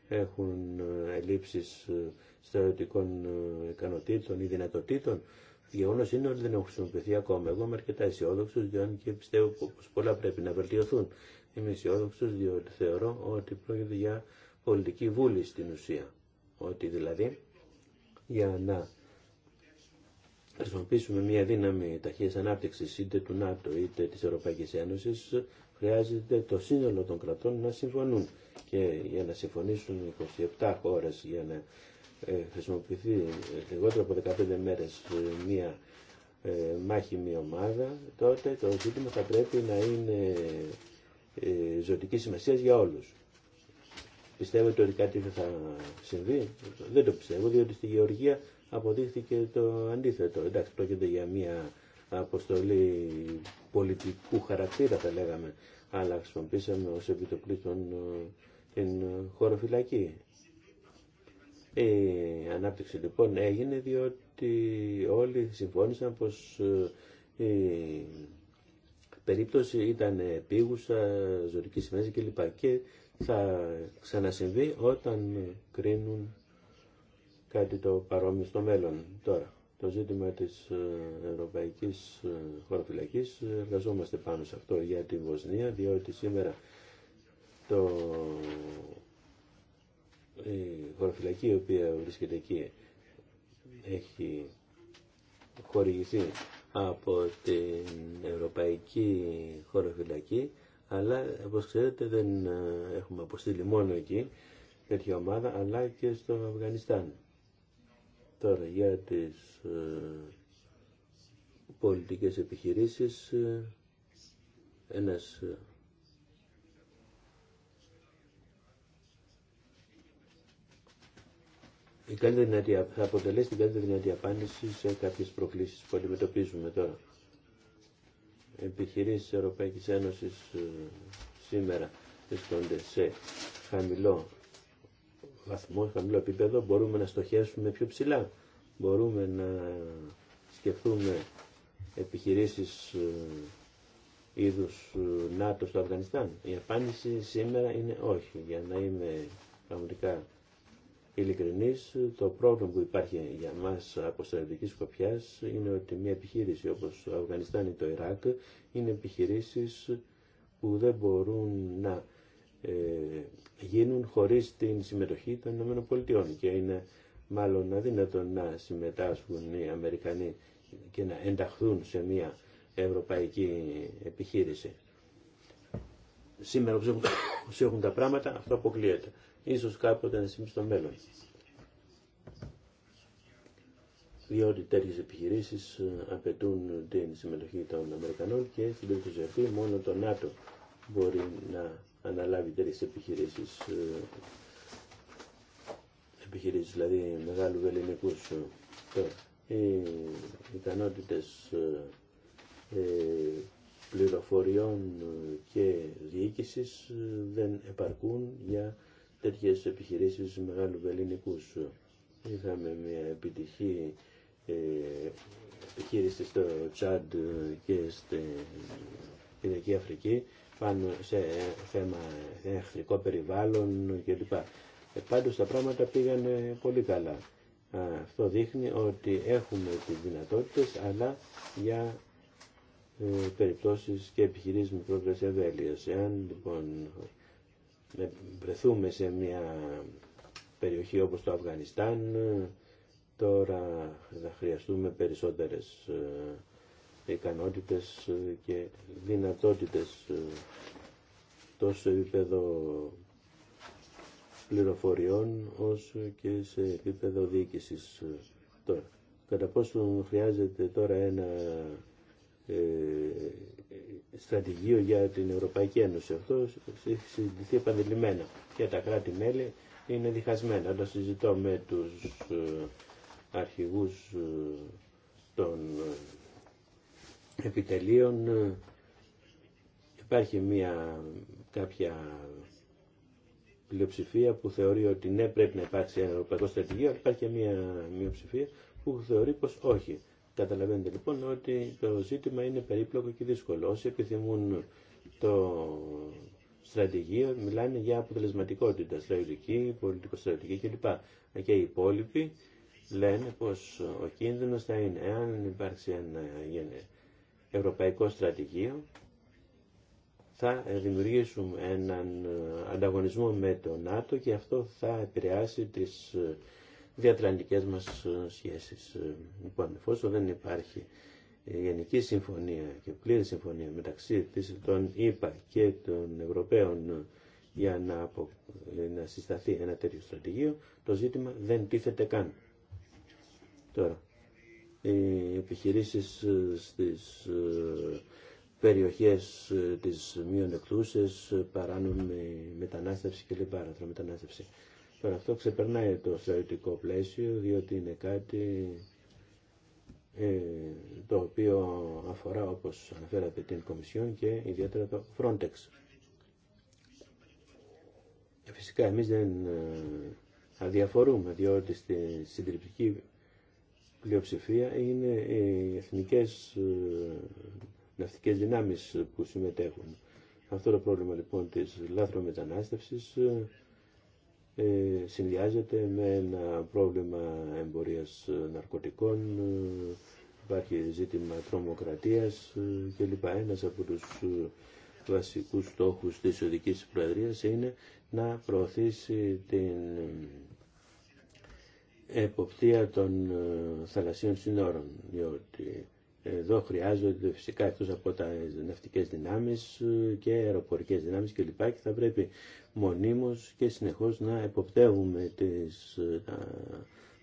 A: έχουν ελλείψεις στερεωτικών ικανοτήτων ή δυνατοτήτων γεγονό είναι ότι δεν έχουν χρησιμοποιηθεί ακόμα. Εγώ είμαι αρκετά αισιόδοξο, διότι και πιστεύω πω πολλά πρέπει να βελτιωθούν. Είμαι αισιόδοξο, διότι θεωρώ ότι πρόκειται για πολιτική βούλη στην ουσία. Ότι δηλαδή για να χρησιμοποιήσουμε μια δύναμη ταχεία ανάπτυξη είτε του ΝΑΤΟ είτε τη Ευρωπαϊκή Ένωση, χρειάζεται το σύνολο των κρατών να συμφωνούν. Και για να συμφωνήσουν 27 χώρε για να ε, χρησιμοποιηθεί ε, λιγότερο από 15 μέρες μία ε, μάχη, μία ομάδα, τότε το ζήτημα θα πρέπει να είναι ζωτική σημασία για όλους. Πιστεύετε ότι κάτι θα συμβεί. Δεν το πιστεύω, διότι στη Γεωργία αποδείχθηκε το αντίθετο. Εντάξει, πρόκειται για μια αποστολή πολιτικού χαρακτήρα, θα λέγαμε, αλλά χρησιμοποίησαμε ως επιτοπλίστων την χωροφυλακή. Η ανάπτυξη λοιπόν έγινε διότι όλοι συμφώνησαν πως ε, η περίπτωση ήταν επίγουσα, ζωτική σημασία κλπ. Και θα ξανασυμβεί όταν κρίνουν κάτι το παρόμοιο στο μέλλον. Τώρα, το ζήτημα της ε, Ευρωπαϊκής ε, Χωροφυλακής, εργαζόμαστε πάνω σε αυτό για την Βοσνία, διότι σήμερα το η χωροφυλακή η οποία βρίσκεται εκεί έχει χορηγηθεί από την Ευρωπαϊκή Χωροφυλακή αλλά όπως ξέρετε δεν ε, έχουμε αποστείλει μόνο εκεί τέτοια ομάδα αλλά και στο Αφγανιστάν. Τώρα για τις ε, πολιτικές επιχειρήσεις ε, ένας η δυνατή, θα αποτελέσει την καλύτερη δυνατή απάντηση σε κάποιες προκλήσεις που αντιμετωπίζουμε τώρα. Επιχειρήσεις της Ευρωπαϊκής Ένωσης ε, σήμερα βρίσκονται σε χαμηλό βαθμό, χαμηλό επίπεδο, μπορούμε να στοχεύσουμε πιο ψηλά. Μπορούμε να σκεφτούμε επιχειρήσεις ε, είδους ε, ΝΑΤΟ στο Αφγανιστάν. Η απάντηση σήμερα είναι όχι. Για να είμαι πραγματικά ειλικρινής, το πρόβλημα που υπάρχει για μας από στρατιωτική σκοπιά είναι ότι μια επιχείρηση όπως το Αφγανιστάν ή το Ιράκ είναι επιχειρήσεις που δεν μπορούν να ε, γίνουν χωρίς την συμμετοχή των ΗΠΑ και είναι μάλλον αδύνατο να συμμετάσχουν οι Αμερικανοί και να ενταχθούν σε μια ευρωπαϊκή επιχείρηση. Σήμερα όπως έχουν τα πράγματα αυτό αποκλείεται. Ίσως κάποτε να συμβεί στο μέλλον. Διότι τέτοιες επιχειρήσεις ε, απαιτούν την συμμετοχή των Αμερικανών και στην περίπτωση αυτή μόνο το ΝΑΤΟ μπορεί να αναλάβει τέτοιες επιχειρήσεις ε, επιχειρήσεις δηλαδή μεγάλου ελληνικού ε, οι ικανότητες πληροφοριών και διοίκησης δεν επαρκούν για τέτοιες επιχειρήσεις μεγάλου ελληνικούς. Είχαμε μια επιτυχή ε, επιχείρηση στο Τσάντ και στην Κυριακή Αφρική πάνω σε ε, θέμα εχθρικό περιβάλλον κλπ. Ε, τα πράγματα πήγαν πολύ καλά. Αυτό δείχνει ότι έχουμε τις δυνατότητες αλλά για ε, περιπτώσεις και επιχειρήσεις μικρότερες ευέλειες. Εάν λοιπόν βρεθούμε σε μια περιοχή όπως το Αφγανιστάν, τώρα θα χρειαστούμε περισσότερες ε, ικανότητες ε, και δυνατότητες ε, τόσο επίπεδο πληροφοριών όσο και σε επίπεδο διοίκησης τώρα. Κατά πόσο χρειάζεται τώρα ένα ε, στρατηγείο για την Ευρωπαϊκή Ένωση. Αυτό έχει συζητηθεί επανειλημμένα και τα κράτη-μέλη είναι διχασμένα. όταν συζητώ με τους ε, αρχηγούς ε, των επιτελείων. Υπάρχει μια κάποια πλειοψηφία που θεωρεί ότι ναι πρέπει να υπάρξει ένα ευρωπαϊκό στρατηγείο, υπάρχει μια μειοψηφία που θεωρεί πως όχι. Καταλαβαίνετε λοιπόν ότι το ζήτημα είναι περίπλοκο και δύσκολο. Όσοι επιθυμούν το στρατηγείο μιλάνε για αποτελεσματικότητα, στρατηγική, πολιτικοστρατηγική κλπ. Και οι υπόλοιποι λένε πως ο κίνδυνος θα είναι εάν υπάρξει ένα ευρωπαϊκό στρατηγείο θα δημιουργήσουμε έναν ανταγωνισμό με το ΝΑΤΟ και αυτό θα επηρεάσει τις Διατραντικέ μας ε, σχέσεις. Ε, λοιπόν, εφόσον δεν υπάρχει ε, γενική συμφωνία και πλήρη συμφωνία μεταξύ των ΗΠΑ και των Ευρωπαίων για να, να συσταθεί ένα τέτοιο στρατηγείο, το ζήτημα δεν τίθεται καν. Τώρα, οι επιχειρήσεις στις περιοχές της μειονεκτούσες, παράνομη μετανάστευση και κλπ. Μετανάστευση. Τώρα αυτό ξεπερνάει το θεωρητικό πλαίσιο διότι είναι κάτι ε, το οποίο αφορά όπως αναφέρατε την Κομισιόν και ιδιαίτερα το Frontex. Φυσικά εμείς δεν ε, αδιαφορούμε διότι στη συντριπτική πλειοψηφία είναι οι εθνικές ε, ναυτικές δυνάμεις που συμμετέχουν. Αυτό το πρόβλημα λοιπόν της λάθρομετανάστευσης ε, συνδυάζεται με ένα πρόβλημα εμπορίας ναρκωτικών, ε, υπάρχει ζήτημα τρομοκρατίας ε, κλπ. Ένας από τους βασικούς στόχους της Οδικής Προεδρίας είναι να προωθήσει την εποπτεία των θαλασσίων συνόρων, διότι εδώ χρειάζονται φυσικά εκτός από τα ναυτικές δυνάμεις και αεροπορικές δυνάμεις κλπ. Και θα πρέπει μονίμως και συνεχώς να εποπτεύουμε τις, τα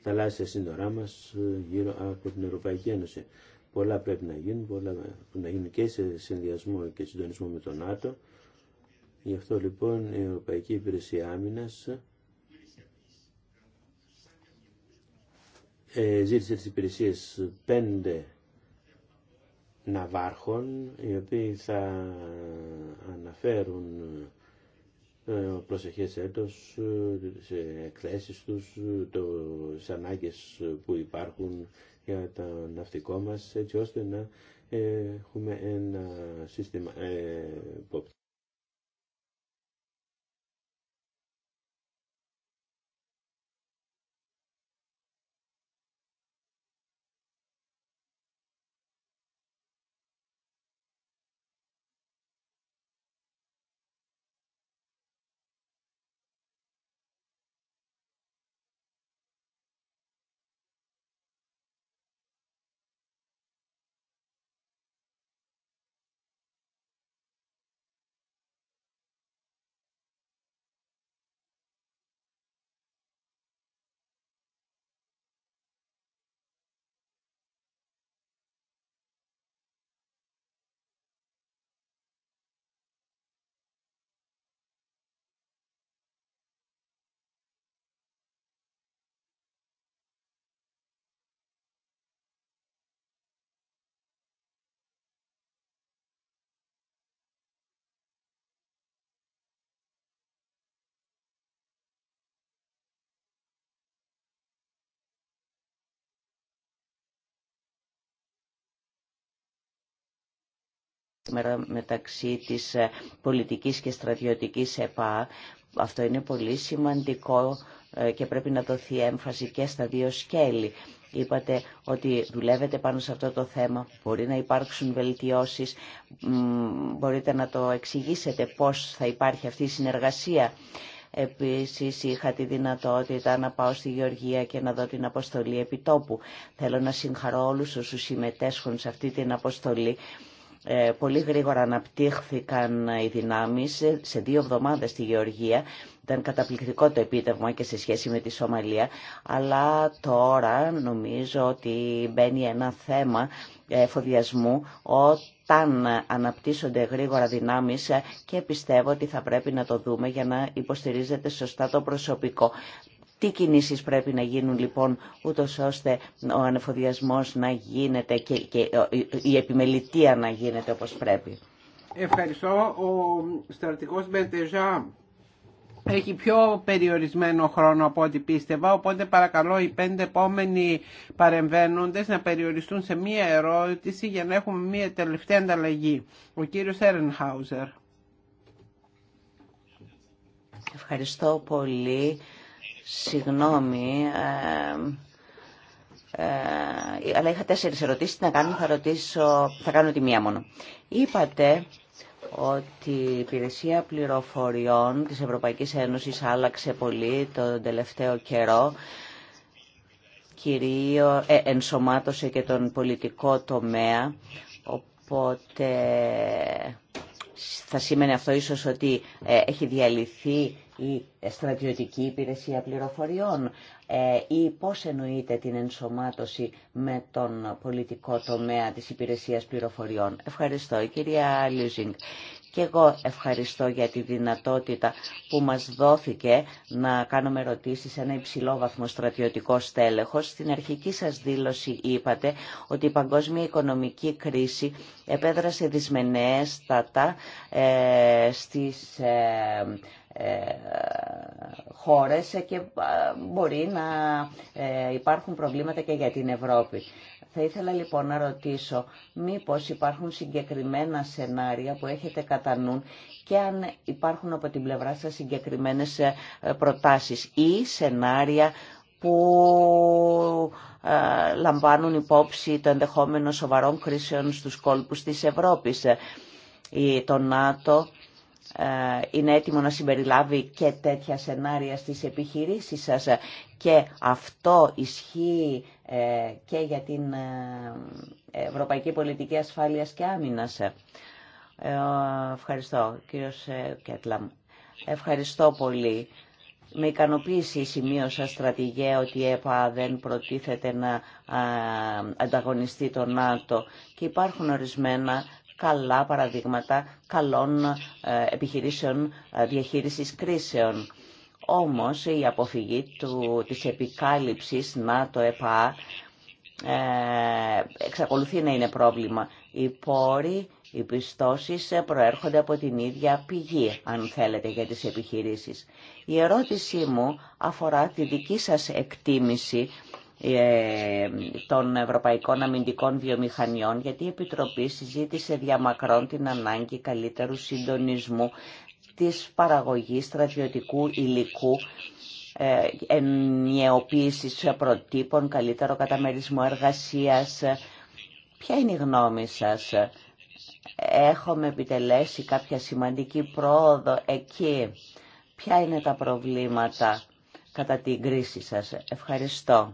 A: θαλάσσια σύνορά μας γύρω από την Ευρωπαϊκή Ένωση. Πολλά πρέπει να γίνουν, πολλά να γίνουν και σε συνδυασμό και συντονισμό με τον ΝΑΤΟ. Γι' αυτό λοιπόν η Ευρωπαϊκή Υπηρεσία Άμυνας ε, ζήτησε τις υπηρεσίες πέντε ναυάρχων οι οποίοι θα αναφέρουν ε, προσεχές έτος ε, σε εκθέσεις τους, ε, το, τις που υπάρχουν για το ναυτικό μας έτσι ώστε να έχουμε ένα σύστημα ε,
C: σήμερα μεταξύ της ε, πολιτικής και στρατιωτικής ΕΠΑ. Αυτό είναι πολύ σημαντικό ε, και πρέπει να δοθεί έμφαση και στα δύο σκέλη. Είπατε ότι δουλεύετε πάνω σε αυτό το θέμα, μπορεί να υπάρξουν βελτιώσεις, μπορείτε να το εξηγήσετε πώς θα υπάρχει αυτή η συνεργασία. Επίσης είχα τη δυνατότητα να πάω στη Γεωργία και να δω την αποστολή επιτόπου. Θέλω να συγχαρώ όλους όσους συμμετέσχουν σε αυτή την αποστολή ε, πολύ γρήγορα αναπτύχθηκαν οι δυνάμεις σε δύο εβδομάδες στη Γεωργία. Ήταν καταπληκτικό το επίτευγμα και σε σχέση με τη Σομαλία. Αλλά τώρα νομίζω ότι μπαίνει ένα θέμα εφοδιασμού όταν αναπτύσσονται γρήγορα δυνάμεις ε, και πιστεύω ότι θα πρέπει να το δούμε για να υποστηρίζεται σωστά το προσωπικό. Τι κινήσεις πρέπει να γίνουν λοιπόν ούτως ώστε ο ανεφοδιασμός να γίνεται και, και η επιμελητία να γίνεται όπως πρέπει.
B: Ευχαριστώ. Ο στρατηγός Μπεντεζά έχει πιο περιορισμένο χρόνο από ό,τι πίστευα, οπότε παρακαλώ οι πέντε επόμενοι παρεμβαίνοντες να περιοριστούν σε μία ερώτηση για να έχουμε μία τελευταία ανταλλαγή. Ο κύριος Έρενχάουζερ.
C: Ευχαριστώ πολύ. Συγγνώμη, ε, ε, αλλά είχα τέσσερις ερωτήσεις. να κάνω, θα, ρωτήσω, θα κάνω τη μία μόνο. Είπατε ότι η υπηρεσία πληροφοριών της Ευρωπαϊκής Ένωσης άλλαξε πολύ τον τελευταίο καιρό. Κυρίω ε, ενσωμάτωσε και τον πολιτικό τομέα, οπότε θα σημαίνει αυτό ίσως ότι ε, έχει διαλυθεί η στρατιωτική υπηρεσία πληροφοριών ε, ή πώς εννοείται την ενσωμάτωση με τον πολιτικό τομέα της υπηρεσίας πληροφοριών. Ευχαριστώ. Η κυρία Λιουζινγκ. Και εγώ ευχαριστώ για τη δυνατότητα που μας δόθηκε να κάνουμε ερωτήσεις σε ένα υψηλό βαθμό στρατιωτικό στέλεχος. Στην αρχική σας δήλωση είπατε ότι η παγκόσμια οικονομική κρίση επέδρασε δυσμενέστατα ε, στις... Ε, ε, χώρες και μπορεί να ε, υπάρχουν προβλήματα και για την Ευρώπη. Θα ήθελα λοιπόν να ρωτήσω μήπως υπάρχουν συγκεκριμένα σενάρια που έχετε κατά και αν υπάρχουν από την πλευρά σας συγκεκριμένες ε, προτάσεις ή σενάρια που λαμβάνουν υπόψη το ενδεχόμενο σοβαρών κρίσεων στους κόλπους της Ευρώπης. Το ΝΑΤΟ ε, είναι έτοιμο να συμπεριλάβει και τέτοια σενάρια στις επιχειρήσεις σας ε, και αυτό ισχύει ε, και για την Ευρωπαϊκή Πολιτική Ασφάλειας και Άμυνας. Ευχαριστώ, κύριος Κέτλαμ. Ευχαριστώ πολύ. Με ικανοποίηση σημείωσα στρατηγέ ότι η ΕΠΑ δεν προτίθεται να ανταγωνιστεί το ΝΑΤΟ και υπάρχουν ορισμένα καλά παραδείγματα καλών ε, επιχειρήσεων ε, διαχείρισης κρίσεων. Όμως η αποφυγή του, της επικαλυψης το ΝΑΤΟ-ΕΠΑ ε, εξακολουθεί να είναι πρόβλημα. Οι πόροι, οι πιστώσεις προέρχονται από την ίδια πηγή, αν θέλετε, για τις επιχειρήσεις. Η ερώτησή μου αφορά τη δική σας εκτίμηση ε, των Ευρωπαϊκών Αμυντικών Βιομηχανιών, γιατί η Επιτροπή συζήτησε διαμακρών την ανάγκη καλύτερου συντονισμού της παραγωγής στρατιωτικού υλικού, ε, ενιαιοποίησης προτύπων, καλύτερο καταμερισμό εργασίας. Ποια είναι η γνώμη σας. Έχουμε επιτελέσει κάποια σημαντική πρόοδο εκεί. Ποια είναι τα προβλήματα κατά την κρίση σας. Ευχαριστώ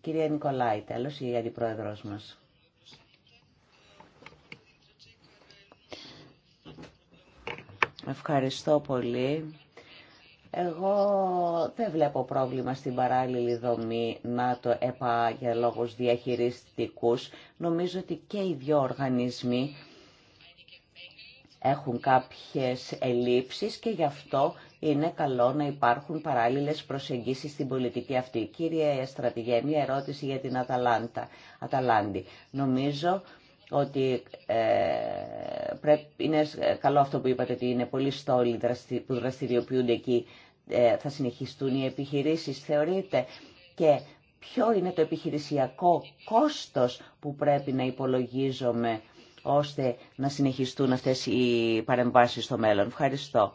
C: κυρία Νικολάη, τέλος, η αντιπρόεδρος μας. Ευχαριστώ πολύ. Εγώ δεν βλέπω πρόβλημα στην παράλληλη δομή το ΕΠΑ για λόγους διαχειριστικούς. Νομίζω ότι και οι δύο οργανισμοί έχουν κάποιες ελλείψεις και γι' αυτό είναι καλό να υπάρχουν παράλληλες προσεγγίσεις στην πολιτική αυτή. Κύριε Στρατηγέ, μια ερώτηση για την Αταλάντα, Αταλάντη. Νομίζω ότι ε, είναι ε, καλό αυτό που είπατε ότι είναι πολλοί στόλοι που δραστηριοποιούνται εκεί. Ε, θα συνεχιστούν οι επιχειρήσεις, θεωρείτε. Και ποιο είναι το επιχειρησιακό κόστος που πρέπει να υπολογίζομαι ώστε να συνεχιστούν αυτές οι παρεμβάσεις στο μέλλον. Ευχαριστώ.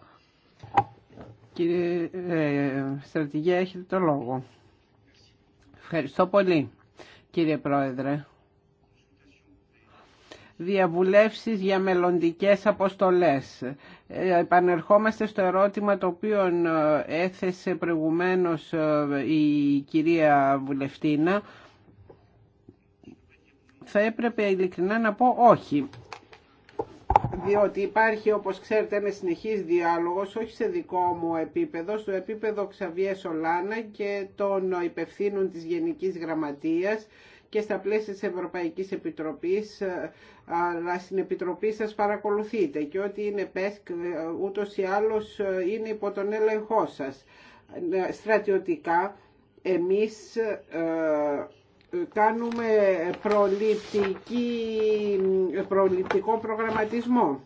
C: Κύριε ε,
B: Στρατηγέ, έχετε το λόγο. Ευχαριστώ πολύ, κύριε Πρόεδρε. Διαβουλεύσεις για μελλοντικές αποστολές. Ε, επανερχόμαστε στο ερώτημα το οποίο ε, έθεσε προηγουμένως ε, η κυρία Βουλευτίνα. Θα έπρεπε ειλικρινά να πω όχι διότι υπάρχει όπως ξέρετε ένα συνεχής διάλογος όχι σε δικό μου επίπεδο, στο επίπεδο Ξαβιέ Σολάνα και των υπευθύνων της Γενικής Γραμματείας και στα πλαίσια της Ευρωπαϊκής Επιτροπής, ε, αλλά στην Επιτροπή σας παρακολουθείτε και ό,τι είναι ΠΕΣΚ ε, ούτως ή άλλως ε, είναι υπό τον έλεγχό σας. Στρατιωτικά εμείς κάνουμε προληπτική, προληπτικό προγραμματισμό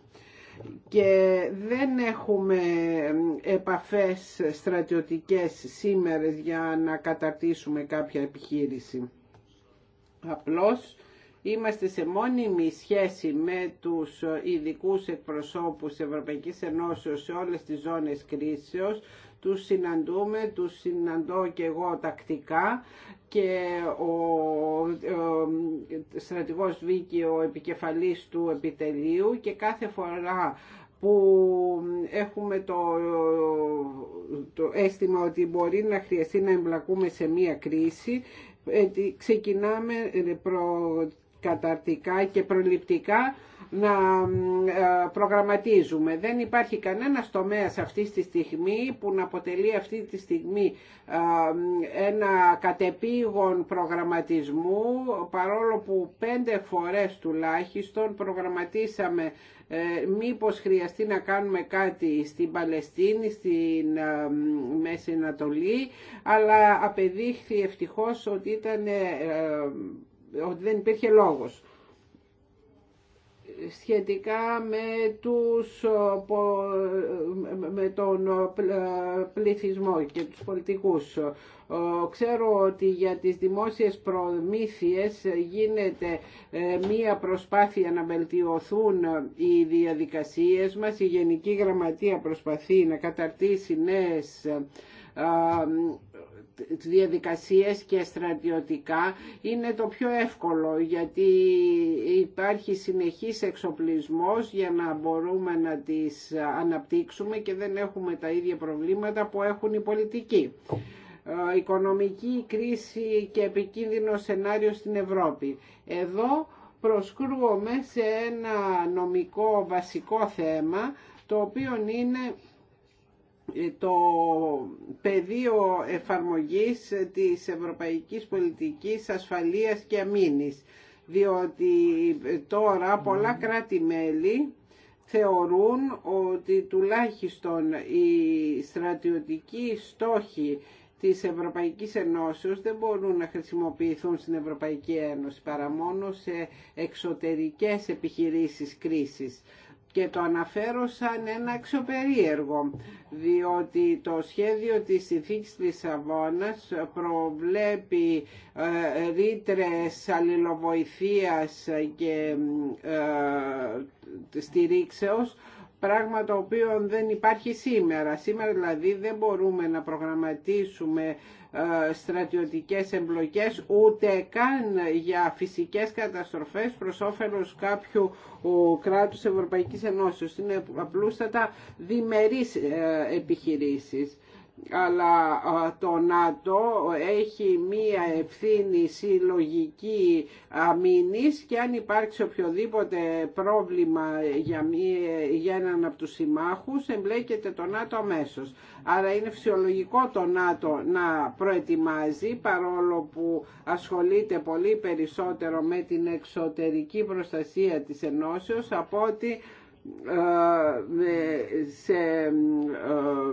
B: και δεν έχουμε επαφές στρατιωτικές σήμερα για να καταρτήσουμε κάποια επιχείρηση. Απλώς είμαστε σε μόνιμη σχέση με τους ειδικού εκπροσώπους Ευρωπαϊκής Ενώσεως σε όλες τις ζώνες κρίσεως. Τους συναντούμε, τους συναντώ και εγώ τακτικά και ο, στρατηγός Βίκη ο επικεφαλής του επιτελείου και κάθε φορά που έχουμε το, το αίσθημα ότι μπορεί να χρειαστεί να εμπλακούμε σε μία κρίση, ε, ξεκινάμε ε, προκαταρτικά και προληπτικά να ε, προγραμματίζουμε. Δεν υπάρχει κανένας τομέας αυτή τη στιγμή που να αποτελεί αυτή τη στιγμή ε, ένα κατεπήγον προγραμματισμού παρόλο που πέντε φορές τουλάχιστον προγραμματίσαμε ε, μήπως χρειαστεί να κάνουμε κάτι στην Παλαιστίνη, στην Μέση Ανατολή αλλά απεδείχθη ευτυχώς ότι, ήταν, ότι δεν υπήρχε λόγος σχετικά με, τους, ε, ε, με τον ε, πληθυσμό και τους πολιτικούς. Ξέρω ότι για τις δημόσιες προμήθειες γίνεται μία προσπάθεια να βελτιωθούν οι διαδικασίες μας. Η Γενική Γραμματεία προσπαθεί να καταρτήσει νέες διαδικασίες και στρατιωτικά είναι το πιο εύκολο γιατί υπάρχει συνεχής εξοπλισμός για να μπορούμε να τις αναπτύξουμε και δεν έχουμε τα ίδια προβλήματα που έχουν οι πολιτικοί. Ε, οικονομική κρίση και επικίνδυνο σενάριο στην Ευρώπη. Εδώ προσκρούομαι σε ένα νομικό βασικό θέμα το οποίο είναι το πεδίο εφαρμογής της ευρωπαϊκής πολιτικής ασφαλείας και αμήνης διότι τώρα πολλά ναι. κράτη-μέλη θεωρούν ότι τουλάχιστον οι στρατιωτικοί στόχοι της Ευρωπαϊκής Ενώσεως δεν μπορούν να χρησιμοποιηθούν στην Ευρωπαϊκή Ένωση παρά μόνο σε εξωτερικές επιχειρήσεις κρίσης και το αναφέρω σαν ένα αξιοπερίεργο διότι το σχέδιο της συνθήκης της Σαββόνας προβλέπει ε, ρήτρες αλληλοβοηθείας και ε, στηρίξεως πράγμα το οποίο δεν υπάρχει σήμερα. Σήμερα δηλαδή δεν μπορούμε να προγραμματίσουμε ε, στρατιωτικές εμπλοκές ούτε καν για φυσικές καταστροφές προς όφελος κάποιου κράτους Ευρωπαϊκής Ενώσεως. Είναι απλούστατα διμερείς ε, επιχειρήσεις αλλά το ΝΑΤΟ έχει μία ευθύνη συλλογική αμήνης και αν υπάρξει οποιοδήποτε πρόβλημα για, μία, για έναν από τους συμμάχους εμπλέκεται το ΝΑΤΟ αμέσω. Άρα είναι φυσιολογικό το ΝΑΤΟ να προετοιμάζει παρόλο που ασχολείται πολύ περισσότερο με την εξωτερική προστασία της Ενώσεως από ότι ε, σε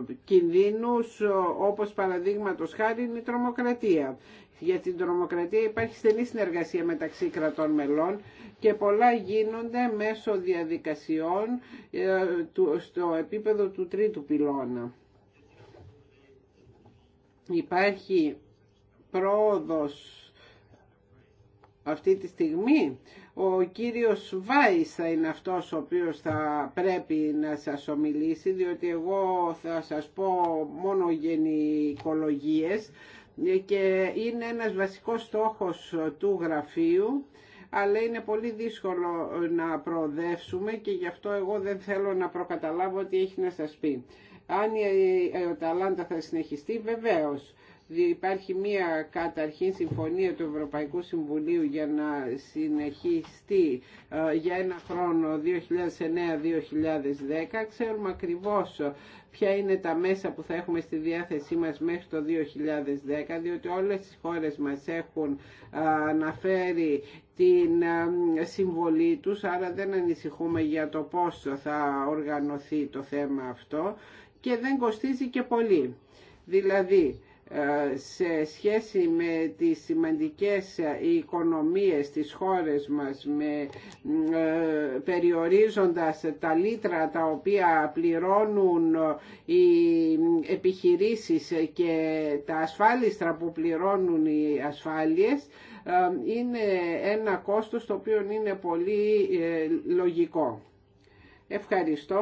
B: ε, κινδύνους όπως παραδείγματος χάρη είναι η τρομοκρατία. Για την τρομοκρατία υπάρχει στενή συνεργασία μεταξύ κρατών μελών και πολλά γίνονται μέσω διαδικασιών ε, στο επίπεδο του τρίτου πυλώνα. Υπάρχει πρόοδος αυτή τη στιγμή ο κύριος Βάης θα είναι αυτός ο οποίος θα πρέπει να σας ομιλήσει, διότι εγώ θα σας πω μόνο γενικολογίες και είναι ένας βασικός στόχος του γραφείου αλλά είναι πολύ δύσκολο να προοδεύσουμε και γι' αυτό εγώ δεν θέλω να προκαταλάβω τι έχει να σας πει. Αν η ταλάντα θα συνεχιστεί, βεβαίως υπάρχει μία καταρχήν συμφωνία του Ευρωπαϊκού Συμβουλίου για να συνεχιστεί ε, για ένα χρόνο 2009-2010. Ξέρουμε ακριβώς ε, ποια είναι τα μέσα που θα έχουμε στη διάθεσή μας μέχρι το 2010, διότι όλες οι χώρες μας έχουν ε, αναφέρει την συμβολή τους, άρα δεν ανησυχούμε για το πόσο θα οργανωθεί το θέμα αυτό και δεν κοστίζει και πολύ. Δηλαδή, σε σχέση με τις σημαντικές οικονομίες της χώρες μας με, ε, περιορίζοντας τα λίτρα τα οποία πληρώνουν οι επιχειρήσεις και τα ασφάλιστρα που πληρώνουν οι ασφάλειες ε, είναι ένα κόστος το οποίο είναι πολύ ε, λογικό. Ευχαριστώ.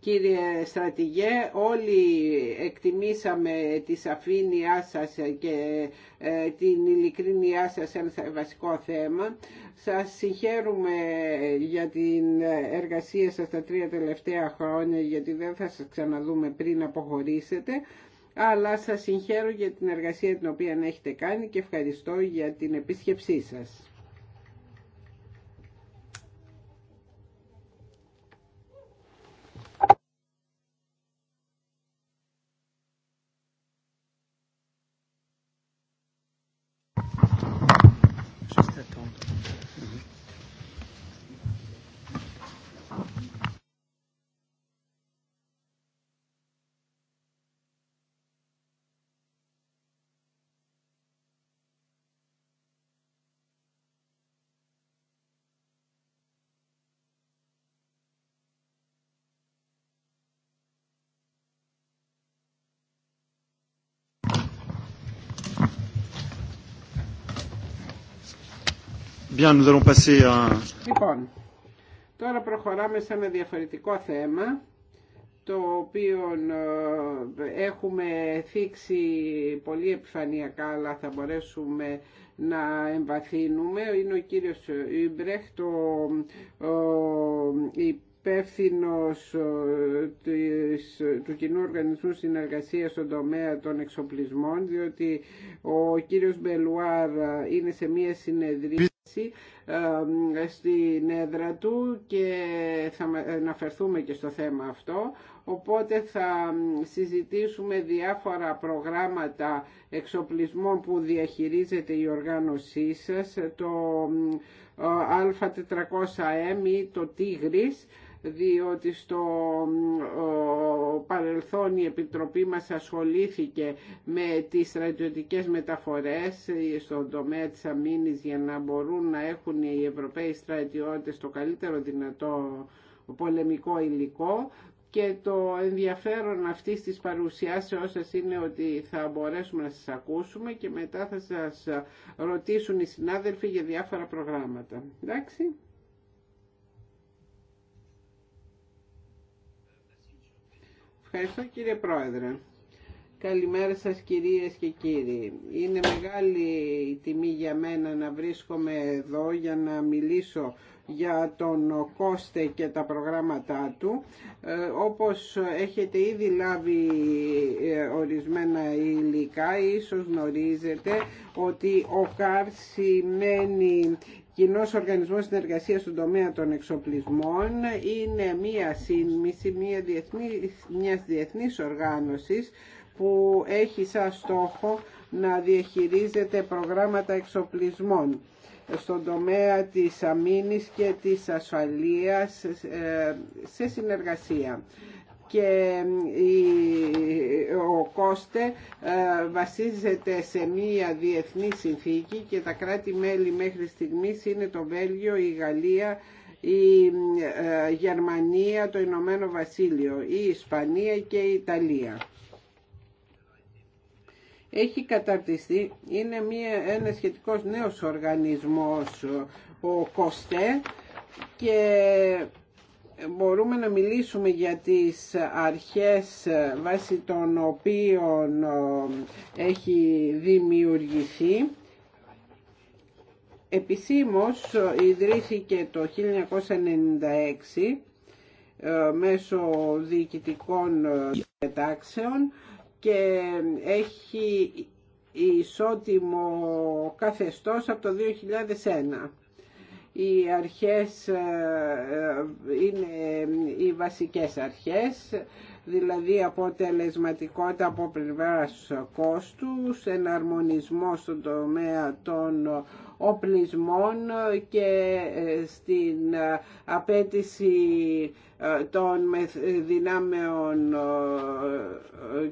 B: Κύριε Στρατηγέ, όλοι εκτιμήσαμε τη σαφήνειά σας και ε, την ειλικρίνειά σας σε ένα βασικό θέμα. Σας συγχαίρουμε για την εργασία σας τα τρία τελευταία χρόνια, γιατί δεν θα σας ξαναδούμε πριν αποχωρήσετε, αλλά σας συγχαίρω για την εργασία την οποία έχετε κάνει και ευχαριστώ για την επίσκεψή σας.
C: Bien, nous allons passer à...
B: Λοιπόν, τώρα προχωράμε σε ένα διαφορετικό θέμα το οποίο ε, έχουμε θίξει πολύ επιφανειακά αλλά θα μπορέσουμε να εμβαθύνουμε είναι ο κύριος Ιμπρέχ το υπεύθυνο του Κοινού Οργανισμού συνεργασία στον τομέα των εξοπλισμών διότι ο κύριος Μπελουάρ είναι σε μία συνεδρία στην έδρα του και θα αναφερθούμε και στο θέμα αυτό. Οπότε θα συζητήσουμε διάφορα προγράμματα εξοπλισμών που διαχειρίζεται η οργάνωσή σας, το α400M ή το Τίγρης, διότι στο παρελθόν η Επιτροπή μας ασχολήθηκε με τις στρατιωτικές μεταφορές ε, στον τομέα της αμήνης για να μπορούν να έχουν οι Ευρωπαίοι στρατιώτες το καλύτερο δυνατό πολεμικό υλικό και το ενδιαφέρον αυτή της παρουσιάσεώς σα είναι ότι θα μπορέσουμε να σας ακούσουμε και μετά θα σας ρωτήσουν οι συνάδελφοι για διάφορα προγράμματα. Εντάξει. Ευχαριστώ κύριε Πρόεδρε. Καλημέρα σας κυρίες και κύριοι. Είναι μεγάλη τιμή για μένα να βρίσκομαι εδώ για να μιλήσω για τον Κώστε και τα προγράμματά του. Ε, όπως έχετε ήδη λάβει ε, ορισμένα υλικά, ίσως γνωρίζετε ότι ο ΚΑΡ σημαίνει Κοινό Οργανισμό Συνεργασία στον τομέα των εξοπλισμών είναι μία σύνμηση μία διεθνή, μιας διεθνής οργάνωσης που έχει σαν στόχο να διαχειρίζεται προγράμματα εξοπλισμών στον τομέα της αμήνης και της ασφαλείας ε, σε συνεργασία και ο Κώστε βασίζεται σε μία διεθνή συνθήκη και τα κράτη-μέλη μέχρι στιγμής είναι το Βέλγιο, η Γαλλία, η ε, Γερμανία, το Ηνωμένο Βασίλειο, η Ισπανία και η Ιταλία. Έχει καταρτιστεί, είναι μια, ένα σχετικός νέος οργανισμός ο Κώστε και μπορούμε να μιλήσουμε για τις αρχές βάσει των οποίων ε, έχει δημιουργηθεί. Επισήμως ε, ιδρύθηκε το 1996 ε, μέσω διοικητικών διετάξεων και έχει ισότιμο καθεστώς από το 2001 οι αρχές ε, ε, είναι οι βασικές αρχές, δηλαδή αποτελεσματικότητα από πλευρά κόστους, εναρμονισμό στον τομέα των οπλισμών και ε, στην απέτηση των δυνάμεων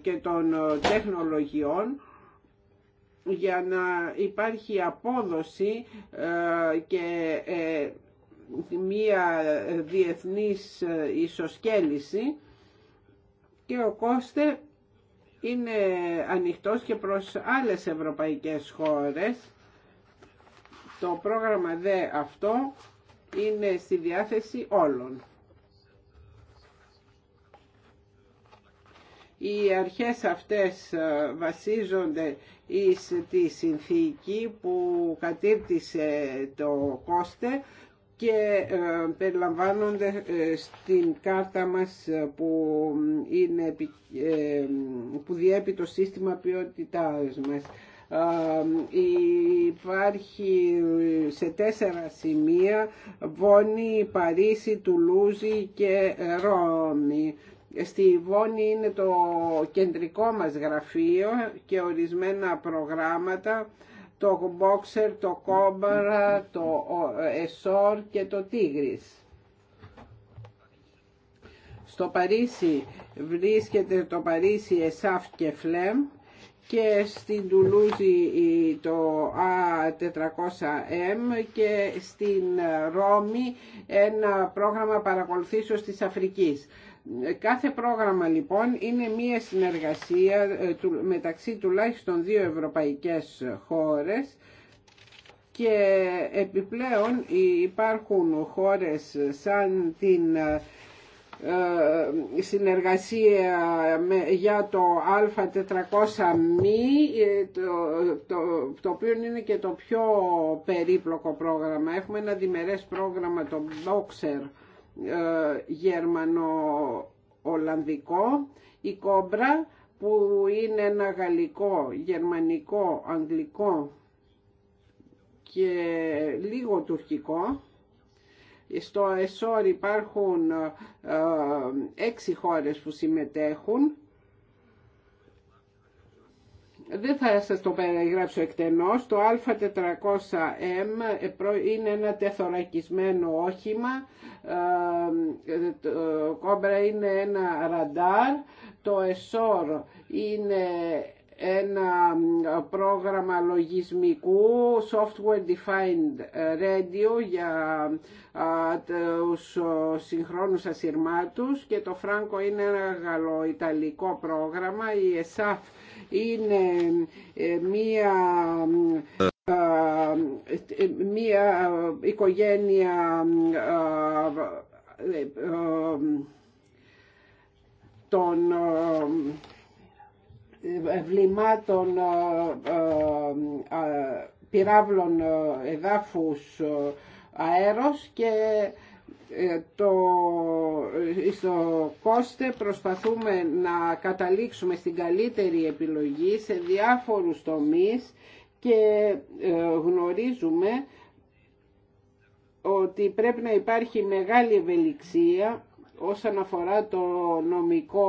B: και των τεχνολογιών για να υπάρχει απόδοση ε, και ε, μία διεθνής ε, ισοσκέληση και ο Κώστε είναι ανοιχτός και προς άλλες ευρωπαϊκές χώρες. Το πρόγραμμα δε αυτό είναι στη διάθεση όλων. Οι αρχές αυτές ε, βασίζονται εις τη συνθήκη που κατήρτισε το κόστε και ε, περιλαμβάνονται ε, στην κάρτα μας που, είναι, που διέπει το σύστημα ποιότητάς μας. Υπάρχει σε τέσσερα σημεία Βόνη, Παρίσι, Τουλούζι και Ρώμη. Στη Βόνη είναι το κεντρικό μας γραφείο και ορισμένα προγράμματα, το Boxer, το Cobra, το Εσόρ και το Tigris. Στο Παρίσι βρίσκεται το Παρίσι Εσάφ και Φλέμ και στην Τουλούζη το A400M και στην Ρώμη ένα πρόγραμμα παρακολουθήσεως της Αφρικής. Κάθε πρόγραμμα λοιπόν είναι μία συνεργασία ε, μεταξύ τουλάχιστον δύο ευρωπαϊκές χώρες και επιπλέον υπάρχουν χώρες σαν την ε, συνεργασία για το α400μη ε, το, το, οποίο είναι και το πιο περίπλοκο πρόγραμμα. Έχουμε ένα διμερές πρόγραμμα το Boxer ε, γερμανο-ολλανδικό, η κόμπρα που είναι ένα γαλλικό, γερμανικό, αγγλικό και λίγο τουρκικό. Στο ΕΣΟΡ υπάρχουν ε, έξι χώρες που συμμετέχουν δεν θα σας το περιγράψω εκτενώς. Το α400M είναι ένα τεθωρακισμένο όχημα. Ε, το κόμπρα είναι ένα ραντάρ. Το ΕΣΟΡ είναι ένα πρόγραμμα λογισμικού software defined radio για τους συγχρόνους ασυρμάτους και το Franco είναι γαλλοϊταλικό πρόγραμμα. Η ΕΣΑΦ είναι ε, μία ε, μία οικογένεια ε, των βλημάτων πυράβλων εδάφους αέρος και ε, το, ε, στο κόστε προσπαθούμε να καταλήξουμε στην καλύτερη επιλογή σε διάφορους τομείς και ε, γνωρίζουμε ότι πρέπει να υπάρχει μεγάλη ευελιξία όσον αφορά το νομικό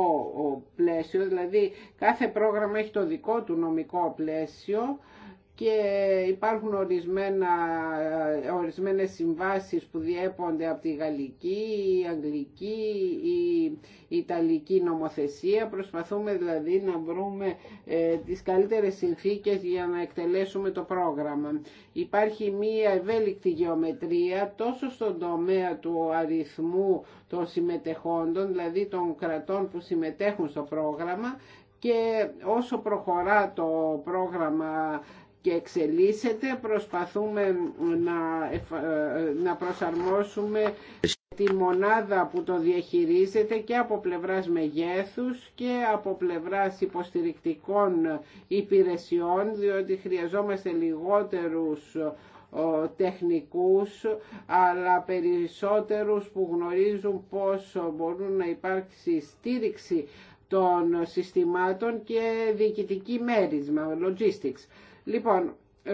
B: πλαίσιο, δηλαδή κάθε πρόγραμμα έχει το δικό του νομικό πλαίσιο και υπάρχουν ορισμένα, ορισμένες συμβάσεις που διέπονται από τη γαλλική, η αγγλική, η ιταλική νομοθεσία. Προσπαθούμε δηλαδή να βρούμε ε, τις καλύτερες συνθήκες για να εκτελέσουμε το πρόγραμμα. Υπάρχει μία ευέλικτη γεωμετρία τόσο στον τομέα του αριθμού των συμμετεχόντων, δηλαδή των κρατών που συμμετέχουν στο πρόγραμμα, και όσο προχωρά το πρόγραμμα και εξελίσσεται. Προσπαθούμε να, ε, να προσαρμόσουμε τη μονάδα που το διαχειρίζεται και από πλευράς μεγέθους και από πλευράς υποστηρικτικών υπηρεσιών διότι χρειαζόμαστε λιγότερους τεχνικούς αλλά περισσότερους που γνωρίζουν πώς μπορούν να υπάρξει στήριξη των συστημάτων και διοικητική μέρισμα, logistics. Λοιπόν, ε,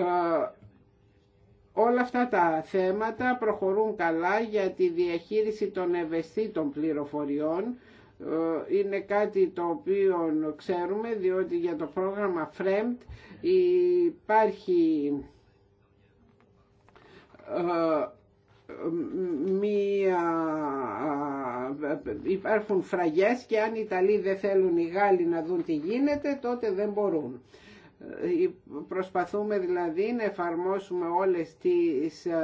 B: όλα αυτά τα θέματα προχωρούν καλά για τη διαχείριση των ευαισθητών πληροφοριών. Ε, είναι κάτι το οποίο ξέρουμε, διότι για το πρόγραμμα FREMT υπάρχει ε, μία, υπάρχουν φραγές και αν οι Ιταλοί δεν θέλουν οι Γάλλοι να δουν τι γίνεται τότε δεν μπορούν. Ε, προσπαθούμε δηλαδή να εφαρμόσουμε όλες τις ε,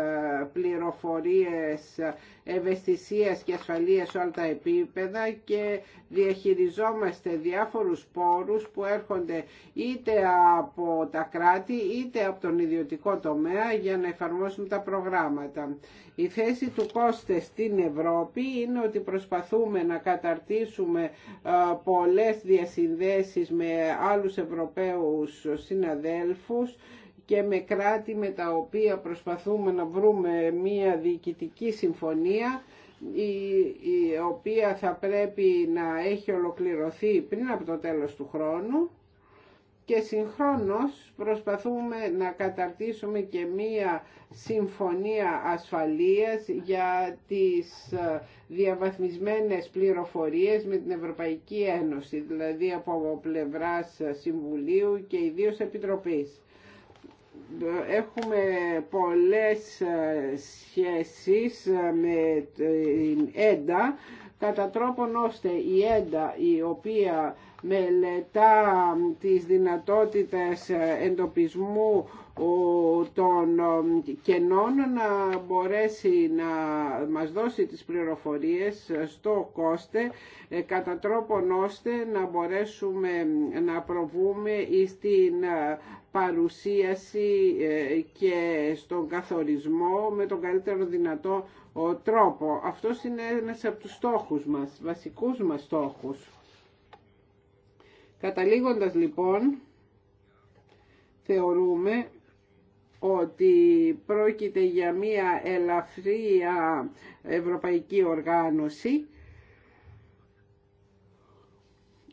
B: πληροφορίες ευαισθησίας και ασφαλείας σε όλα τα επίπεδα και διαχειριζόμαστε διάφορους πόρους που έρχονται είτε από τα κράτη είτε από τον ιδιωτικό τομέα για να εφαρμόσουμε τα προγράμματα. Η θέση του Κώστε στην Ευρώπη είναι ότι προσπαθούμε να καταρτήσουμε πολλές διασυνδέσεις με άλλους Ευρωπαίους συναδέλφους και με κράτη με τα οποία προσπαθούμε να βρούμε μία διοικητική συμφωνία η οποία θα πρέπει να έχει ολοκληρωθεί πριν από το τέλος του χρόνου και συγχρόνως προσπαθούμε να καταρτήσουμε και μία συμφωνία ασφαλείας για τις ε, διαβαθμισμένες πληροφορίες με την Ευρωπαϊκή Ένωση, δηλαδή από πλευράς Συμβουλίου και ιδίως Επιτροπής. Έχουμε πολλές ε, σχέσεις ε, με την ΕΝΤΑ κατά τρόπον ώστε η έντα η οποία μελετά τις δυνατότητες εντοπισμού των κενών να μπορέσει να μας δώσει τις πληροφορίες στο κόστε ε, κατά τρόπον ώστε να μπορέσουμε να προβούμε στην παρουσίαση ε, και στον καθορισμό με τον καλύτερο δυνατό ο τρόπο. Αυτός είναι ένας από τους στόχους μας, βασικούς μας στόχους. Καταλήγοντας λοιπόν, θεωρούμε ότι πρόκειται για μία ελαφρία ευρωπαϊκή οργάνωση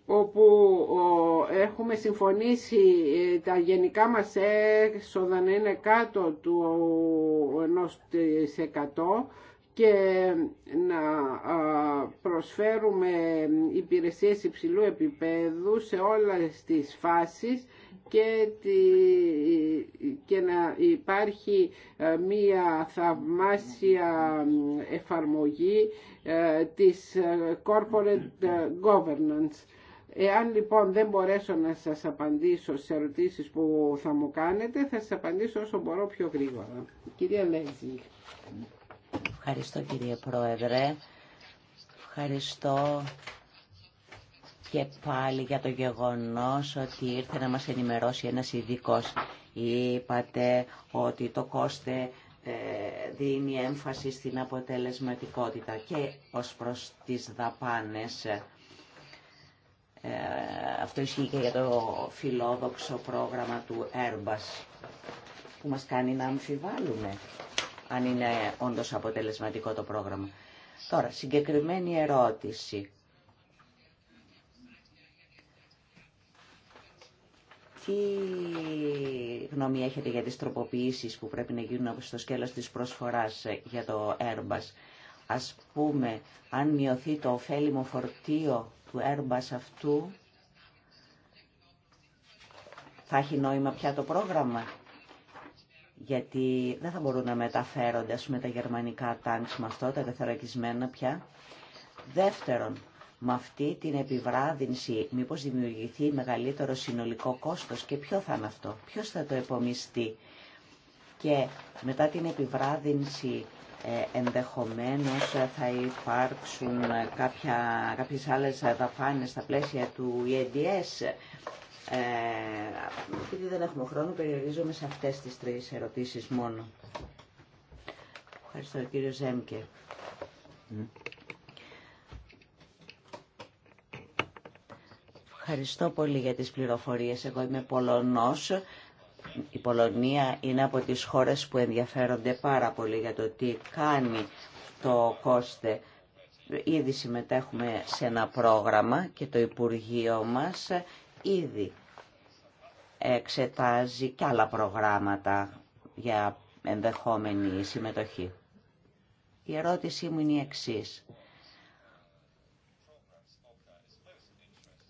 B: όπου έχουμε συμφωνήσει ε, τα γενικά μας έξοδα να είναι κάτω του 1% και να προσφέρουμε υπηρεσίες υψηλού επίπεδου σε όλες τις φάσεις και, και να υπάρχει ε, μία θαυμάσια εφαρμογή ε, της ε, corporate governance. Εάν λοιπόν δεν μπορέσω να σας απαντήσω σε ερωτήσεις που θα μου κάνετε, θα σας απαντήσω όσο μπορώ πιο γρήγορα. Κυρία Λέζη.
C: Ευχαριστώ κύριε Πρόεδρε. Ευχαριστώ και πάλι για το γεγονός ότι ήρθε να μας ενημερώσει ένας ειδικό. Είπατε ότι το κόστε ε, δίνει έμφαση στην αποτελεσματικότητα και ως προς τις δαπάνες. Ε, αυτό ισχύει και για το φιλόδοξο πρόγραμμα του Airbus που μας κάνει να αμφιβάλλουμε αν είναι όντως αποτελεσματικό το πρόγραμμα. Τώρα, συγκεκριμένη ερώτηση. Τι γνώμη έχετε για τις τροποποιήσεις που πρέπει να γίνουν στο σκέλος της προσφοράς για το Airbus. Ας πούμε, αν μειωθεί το ωφέλιμο φορτίο του Airbus αυτού, θα έχει νόημα πια το πρόγραμμα γιατί δεν θα μπορούν να μεταφέρονται, με τα γερμανικά τάγκς με αυτό, τα καθαρακισμένα πια. Δεύτερον, με αυτή την επιβράδυνση μήπως δημιουργηθεί μεγαλύτερο συνολικό κόστος και ποιο θα είναι αυτό, ποιος θα το επομιστεί. Και μετά την επιβράδυνση ε, ενδεχομένως ε, θα υπάρξουν ε, κάποια, κάποιες άλλες ε, στα πλαίσια του EDS ε, επειδή δεν έχουμε χρόνο, περιορίζομαι σε αυτές τις τρεις ερωτήσεις μόνο. Ευχαριστώ, κύριο Ζέμκε. Ευχαριστώ πολύ για τις πληροφορίες. Εγώ είμαι Πολωνός. Η Πολωνία είναι από τις χώρες που ενδιαφέρονται πάρα πολύ για το τι κάνει το κόστε. Ήδη συμμετέχουμε σε ένα πρόγραμμα και το Υπουργείο μας ήδη εξετάζει και άλλα προγράμματα για ενδεχόμενη συμμετοχή. Η ερώτησή μου είναι η εξής.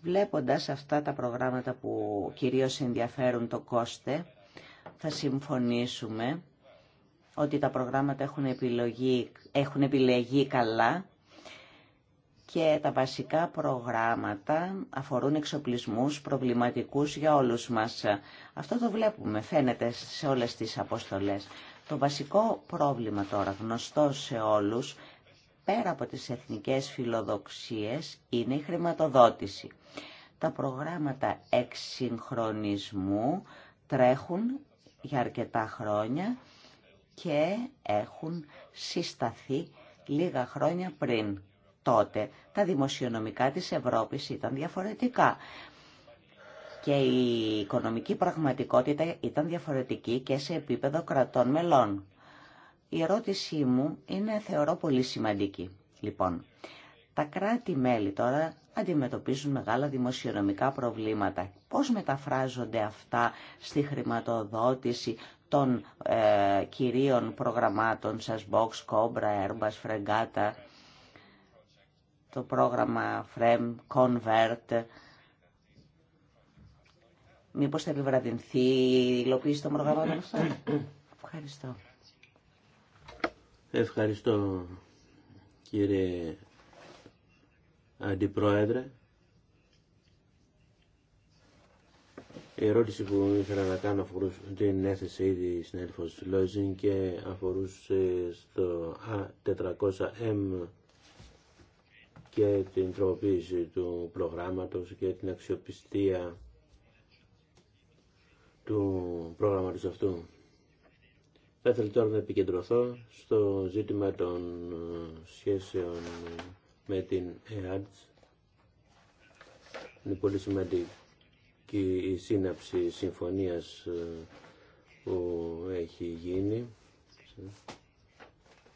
C: Βλέποντας αυτά τα προγράμματα που κυρίως ενδιαφέρουν το κόστε, θα συμφωνήσουμε ότι τα προγράμματα έχουν, επιλογή, έχουν επιλεγεί καλά και τα βασικά προγράμματα αφορούν εξοπλισμούς προβληματικούς για όλους μας. Αυτό το βλέπουμε, φαίνεται σε όλες τις αποστολές. Το βασικό πρόβλημα τώρα, γνωστό σε όλους, πέρα από τις εθνικές φιλοδοξίες, είναι η χρηματοδότηση. Τα προγράμματα εξυγχρονισμού τρέχουν για αρκετά χρόνια και έχουν συσταθεί λίγα χρόνια πριν τότε τα δημοσιονομικά της Ευρώπης ήταν διαφορετικά. Και η οικονομική πραγματικότητα ήταν διαφορετική και σε επίπεδο κρατών μελών. Η ερώτησή μου είναι θεωρώ πολύ σημαντική. Λοιπόν, τα κράτη-μέλη τώρα αντιμετωπίζουν μεγάλα δημοσιονομικά προβλήματα. Πώς μεταφράζονται αυτά στη χρηματοδότηση των ε, κυρίων προγραμμάτων σας, Box, Cobra, Airbus, Fregata το πρόγραμμα FREM, CONVERT. Μήπως θα επιβραδυνθεί η υλοποίηση των προγραμμάτων αυτών. Ευχαριστώ. Ευχαριστώ κύριε
A: Αντιπρόεδρε. Η ερώτηση που ήθελα να κάνω αφορούσε την έθεση ήδη στην Έλφος και αφορούσε στο A400M και την τροποποίηση του προγράμματος και την αξιοπιστία του πρόγραμματος αυτού. Θα ήθελα τώρα να επικεντρωθώ στο ζήτημα των σχέσεων με την ΕΑΤΣ. Είναι πολύ σημαντική η σύναψη συμφωνίας ε, που έχει γίνει.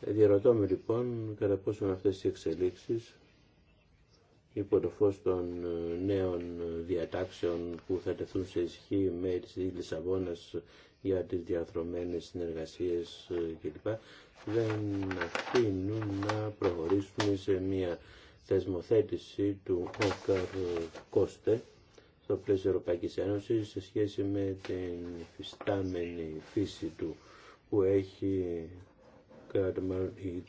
A: Ε, διαρωτώ με λοιπόν κατά πόσο αυτές οι εξελίξεις υπό το φως των ε, νέων ε, διατάξεων που θα τεθούν σε ισχύ με τη Λισαβόνα για τις διαθρωμένες συνεργασίες ε, κλπ. δεν αφήνουν να προχωρήσουμε σε μια θεσμοθέτηση του Όκαρ Κώστε στο πλαίσιο Ευρωπαϊκής Ένωσης σε σχέση με την φυστάμενη φύση του που έχει κατά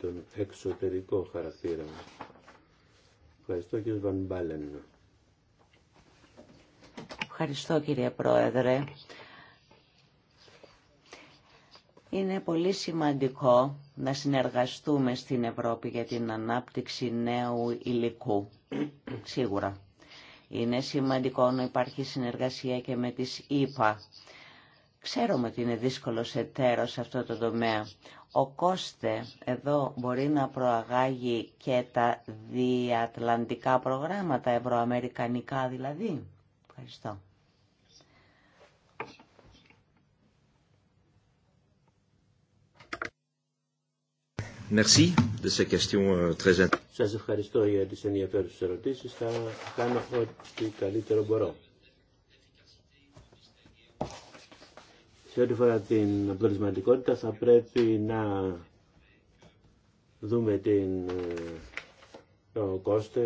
A: τον εξωτερικό χαρακτήρα. Ευχαριστώ κύριε Βανμπάλεν.
C: Ευχαριστώ κύριε Πρόεδρε. Είναι πολύ σημαντικό να συνεργαστούμε στην Ευρώπη για την ανάπτυξη νέου υλικού. Σίγουρα. Είναι σημαντικό να υπάρχει συνεργασία και με τις ΗΠΑ Ξέρουμε ότι είναι δύσκολο εταίρος σε αυτό το τομέα. Ο Κώστε εδώ μπορεί να προαγάγει και τα διατλαντικά προγράμματα, ευρωαμερικανικά δηλαδή. Ευχαριστώ.
D: Merci euh,
A: Σας ευχαριστώ για τις ενδιαφέρουσες ερωτήσεις. Θα κάνω ό,τι καλύτερο μπορώ. Σε ό,τι φορά την αποτελεσματικότητα θα πρέπει να δούμε την, ε, το κόστο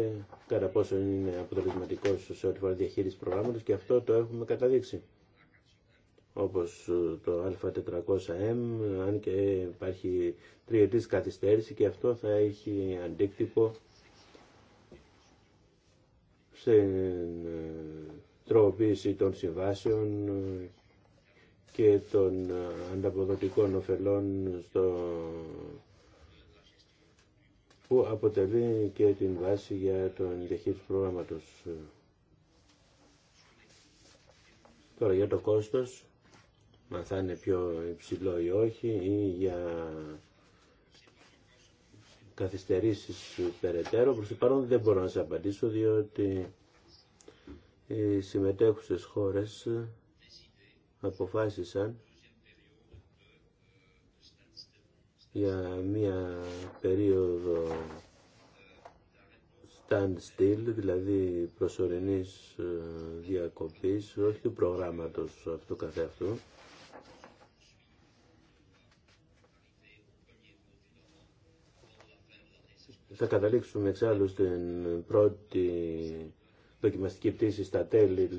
A: κατά πόσο είναι αποτελεσματικό σε ό,τι φορά διαχείριση προγράμματος και αυτό το έχουμε καταδείξει. Όπως ε, το α400M, αν και υπάρχει τριετής καθυστέρηση και αυτό θα έχει αντίκτυπο στην ε, τροποποίηση των συμβάσεων και των ε, ανταποδοτικών ωφελών στο... που αποτελεί και την βάση για τον διαχείριση προγράμματος. Τώρα για το κόστος, αν θα είναι πιο υψηλό ή όχι, ή για καθυστερήσεις περαιτέρω, προς το παρόν δεν μπορώ να σας απαντήσω, διότι οι συμμετέχουσες χώρες αποφάσισαν για μία περίοδο standstill, δηλαδή προσωρινής ε, διακοπής, όχι του προγράμματος αυτού καθεαυτού. Θα καταλήξουμε εξάλλου στην πρώτη δοκιμαστική πτήση στα τέλη του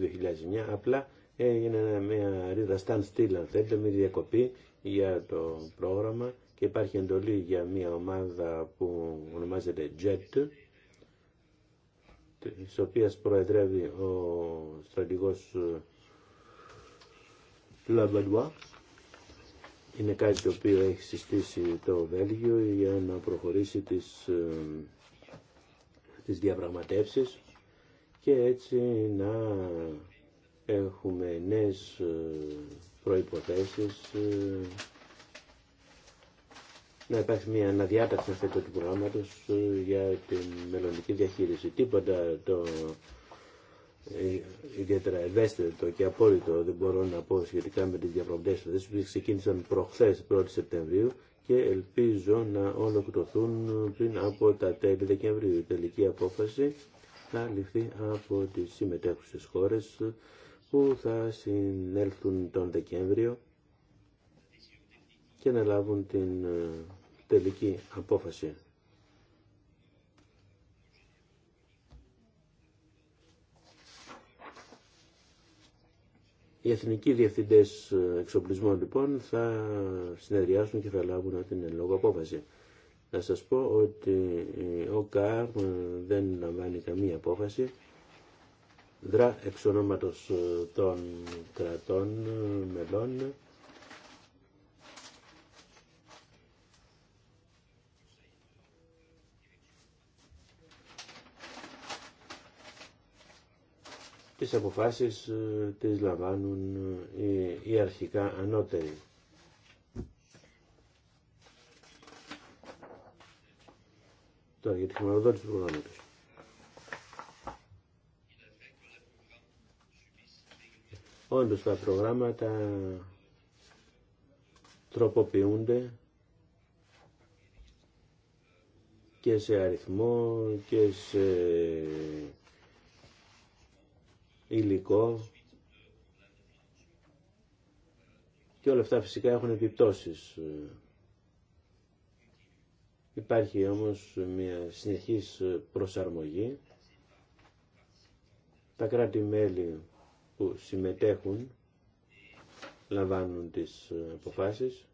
A: 2009, απλά έγινε μια ρίδα standstill αν θέλετε, μια διακοπή για το πρόγραμμα και υπάρχει εντολή για μια ομάδα που ονομάζεται JET της οποίας προεδρεύει ο στρατηγός ε, Λαμπαντουά είναι κάτι το οποίο έχει συστήσει το Βέλγιο για να προχωρήσει τις, ε, τις διαπραγματεύσεις και έτσι να έχουμε νέες ε, προϋποθέσεις ε, να υπάρχει μια αναδιάταξη αυτού του προγράμματος ε, για την μελλοντική διαχείριση. Τίποτα το ιδιαίτερα ευαίσθητο και απόλυτο δεν μπορώ να πω σχετικά με τις αυτές που ξεκίνησαν προχθές 1η Σεπτεμβρίου και ελπίζω να ολοκληρωθούν πριν από τα τέλη Δεκεμβρίου. Η τελική απόφαση θα ληφθεί από τις συμμετέχουσες χώρες που θα συνέλθουν τον Δεκέμβριο και να λάβουν την ε, τελική απόφαση. Οι εθνικοί διευθυντές ε, εξοπλισμών λοιπόν θα συνεδριάσουν και θα λάβουν την λόγο απόφαση. Να σας πω ότι ε, ο ΚΑΡ δεν λαμβάνει καμία απόφαση δρά εξ ονόματος ε, των κρατών ε, μελών τις αποφάσεις ε, τις λαμβάνουν οι, οι αρχικά ανώτεροι. Τώρα για τη χρηματοδότηση του προγράμματος. Όντως τα προγράμματα τροποποιούνται και σε αριθμό και σε υλικό και όλα αυτά φυσικά έχουν επιπτώσεις. Υπάρχει όμως μια συνεχής προσαρμογή. Τα κράτη-μέλη που συμμετέχουν λαμβάνουν τις ε, αποφάσεις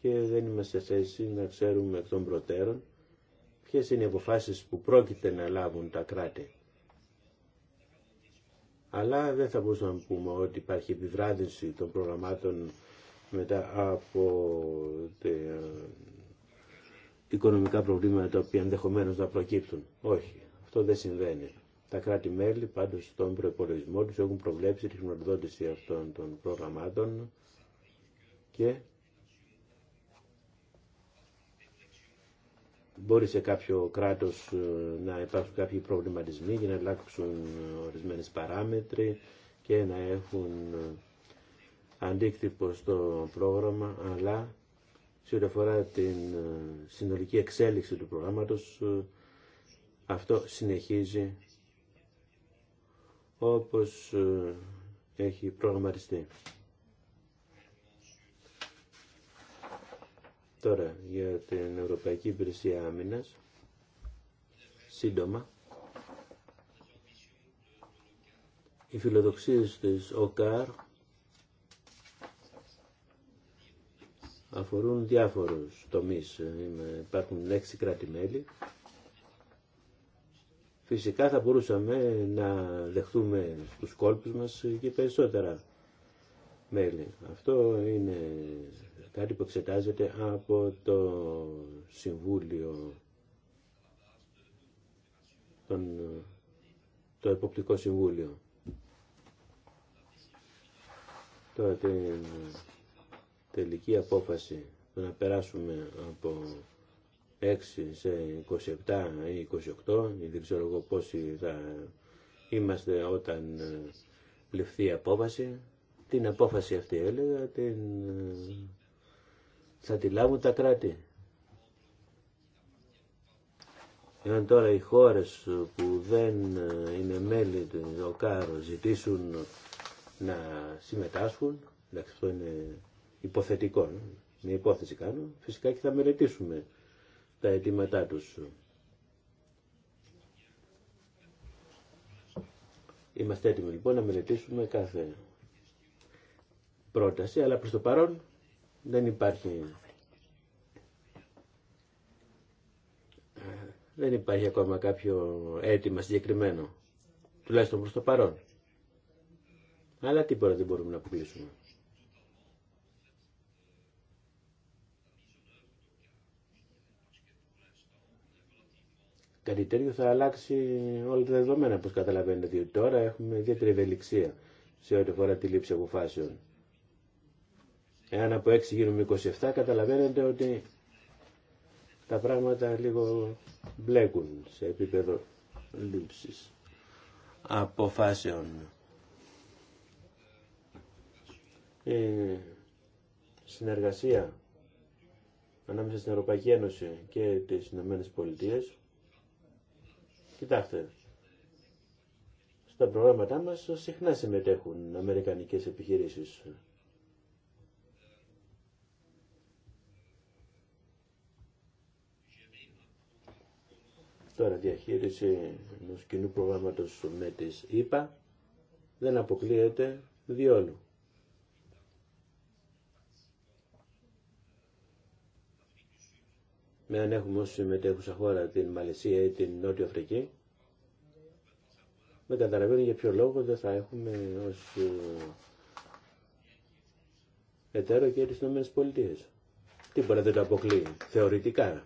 A: και δεν είμαστε σε θέση να ξέρουμε εκ των προτέρων ποιες είναι οι αποφάσεις που πρόκειται να λάβουν τα κράτη. Αλλά δεν θα μπορούσαμε να πούμε ότι υπάρχει επιβράδυνση των προγραμμάτων μετά από ε, οικονομικά προβλήματα τα οποία ενδεχομένω να προκύπτουν. Όχι, αυτό δεν συμβαίνει. Τα κράτη-μέλη πάντως στον προπολογισμό τους έχουν προβλέψει τη χρηματοδότηση αυτών των προγραμμάτων και μπορεί σε κάποιο κράτος ε, να υπάρχουν κάποιοι προβληματισμοί για να αλλάξουν ορισμένες παράμετροι και να έχουν ε, αντίκτυπο στο πρόγραμμα, αλλά σε ό,τι αφορά την ε, συνολική εξέλιξη του προγράμματος, αυτό συνεχίζει όπως ε, έχει προγραμματιστεί. Τώρα για την Ευρωπαϊκή Υπηρεσία Άμυνας, σύντομα, οι φιλοδοξίες της ΟΚΑΡ αφορούν διάφορους τομείς. Ε, υπάρχουν έξι κράτη-μέλη Φυσικά θα μπορούσαμε να δεχτούμε στους κόλπους μας και περισσότερα μέλη. Αυτό είναι κάτι που εξετάζεται από το Συμβούλιο, τον, το Εποπτικό Συμβούλιο. Τώρα την τελική απόφαση να περάσουμε από 6 σε 27 ή 28, δεν ξέρω εγώ πόσοι θα είμαστε όταν ε, ληφθεί η απόφαση. Την απόφαση αυτή έλεγα, την... Ε, θα τη λάβουν τα κράτη. Εάν τώρα οι χώρες που δεν ε, είναι μέλη του ΟΚΑΡ ζητήσουν να συμμετάσχουν, εντάξει αυτό είναι υποθετικό, μια υπόθεση κάνω, φυσικά και θα μελετήσουμε τα αιτήματά τους. Είμαστε έτοιμοι λοιπόν να μελετήσουμε κάθε πρόταση, αλλά προς το παρόν δεν υπάρχει δεν υπάρχει ακόμα κάποιο αίτημα συγκεκριμένο, τουλάχιστον προς το παρόν. Αλλά τίποτα δεν μπορούμε να αποκλείσουμε. κάτι τέτοιο θα αλλάξει όλα τα δεδομένα, όπως καταλαβαίνετε, διότι τώρα έχουμε ιδιαίτερη ευελιξία σε ό,τι αφορά τη λήψη αποφάσεων. Εάν από 6 γίνουμε 27, καταλαβαίνετε ότι τα πράγματα λίγο μπλέκουν σε επίπεδο λήψης αποφάσεων. Η συνεργασία ανάμεσα στην Ευρωπαϊκή Ένωση και τις Ηνωμένες Πολιτείες Κοιτάξτε, στα προγράμματά μας συχνά συμμετέχουν αμερικανικές επιχειρήσεις. Τώρα διαχείριση ενός κοινού προγράμματος με τις ΕΠΑ δεν αποκλείεται διόλου. να έχουμε ως συμμετέχουσα χώρα την Μαλαισία ή την Νότια Αφρική, με καταλαβαίνω για ποιο λόγο δεν θα έχουμε ως ε, εταίρο και τις Ηνωμένες Πολιτείες. Τίποτα δεν το αποκλείει, θεωρητικά.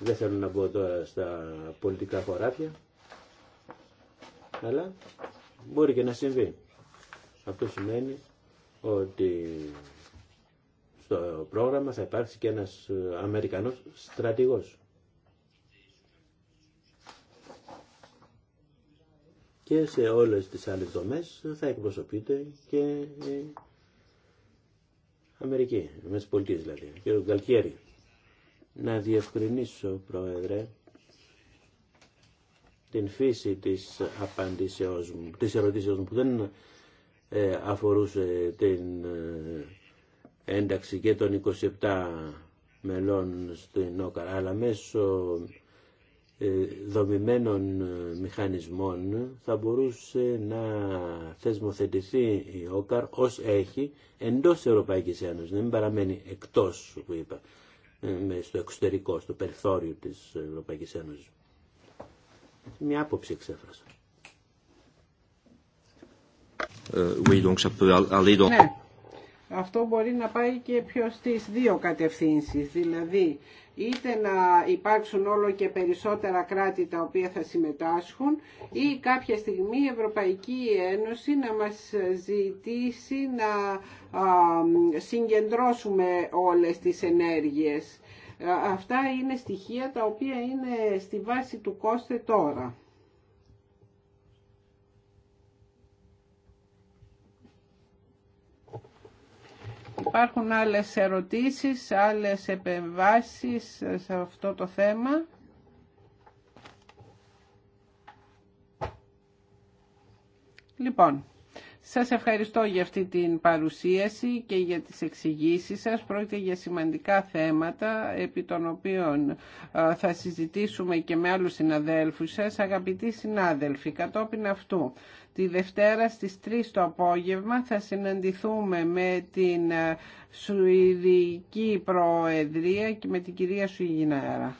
A: Δεν θέλω να μπω τώρα στα πολιτικά χωράφια, αλλά μπορεί και να συμβεί. Αυτό σημαίνει ότι στο πρόγραμμα θα υπάρξει και ένας ε, Αμερικανός στρατηγός. Και σε όλες τις άλλες δομές θα εκπροσωπείται και η Αμερική, Μέση Πολιτή δηλαδή, και ο Να διευκρινίσω, Πρόεδρε, την φύση της απαντήσεώς μου, της ερωτήσεώς μου, που δεν ε, αφορούσε την ε, ένταξη και των 27 μελών στην ΟΚΑΡ αλλά μέσω ε, δομημένων ε, μηχανισμών θα μπορούσε να θεσμοθετηθεί η ΟΚΑΡ ως έχει εντός Ευρωπαϊκής Ένωσης, να μην παραμένει εκτός που είπα, ε, στο εξωτερικό, στο περιθώριο της Ευρωπαϊκής Ένωσης. Μια άποψη εξέφρασα. Oui, donc
B: ναι αυτό μπορεί να πάει και πιο στις δύο κατευθύνσεις, δηλαδή είτε να υπάρξουν όλο και περισσότερα κράτη τα οποία θα συμμετάσχουν ή κάποια στιγμή η Ευρωπαϊκή Ένωση να μας ζητήσει να συγκεντρώσουμε όλες τις ενέργειες. Αυτά είναι στοιχεία τα οποία είναι στη βάση του κόστε τώρα. Υπάρχουν άλλες ερωτήσεις, άλλες επεμβάσεις σε αυτό το θέμα. Λοιπόν, σας ευχαριστώ για αυτή την παρουσίαση και για τις εξηγήσεις σας. Πρόκειται για σημαντικά θέματα επί των οποίων θα συζητήσουμε και με άλλους συναδέλφους σας. Αγαπητοί συνάδελφοι, κατόπιν αυτού τη Δευτέρα στις 3 το απόγευμα θα συναντηθούμε με την Σουηδική Προεδρία και με την κυρία Σουηγινάρα.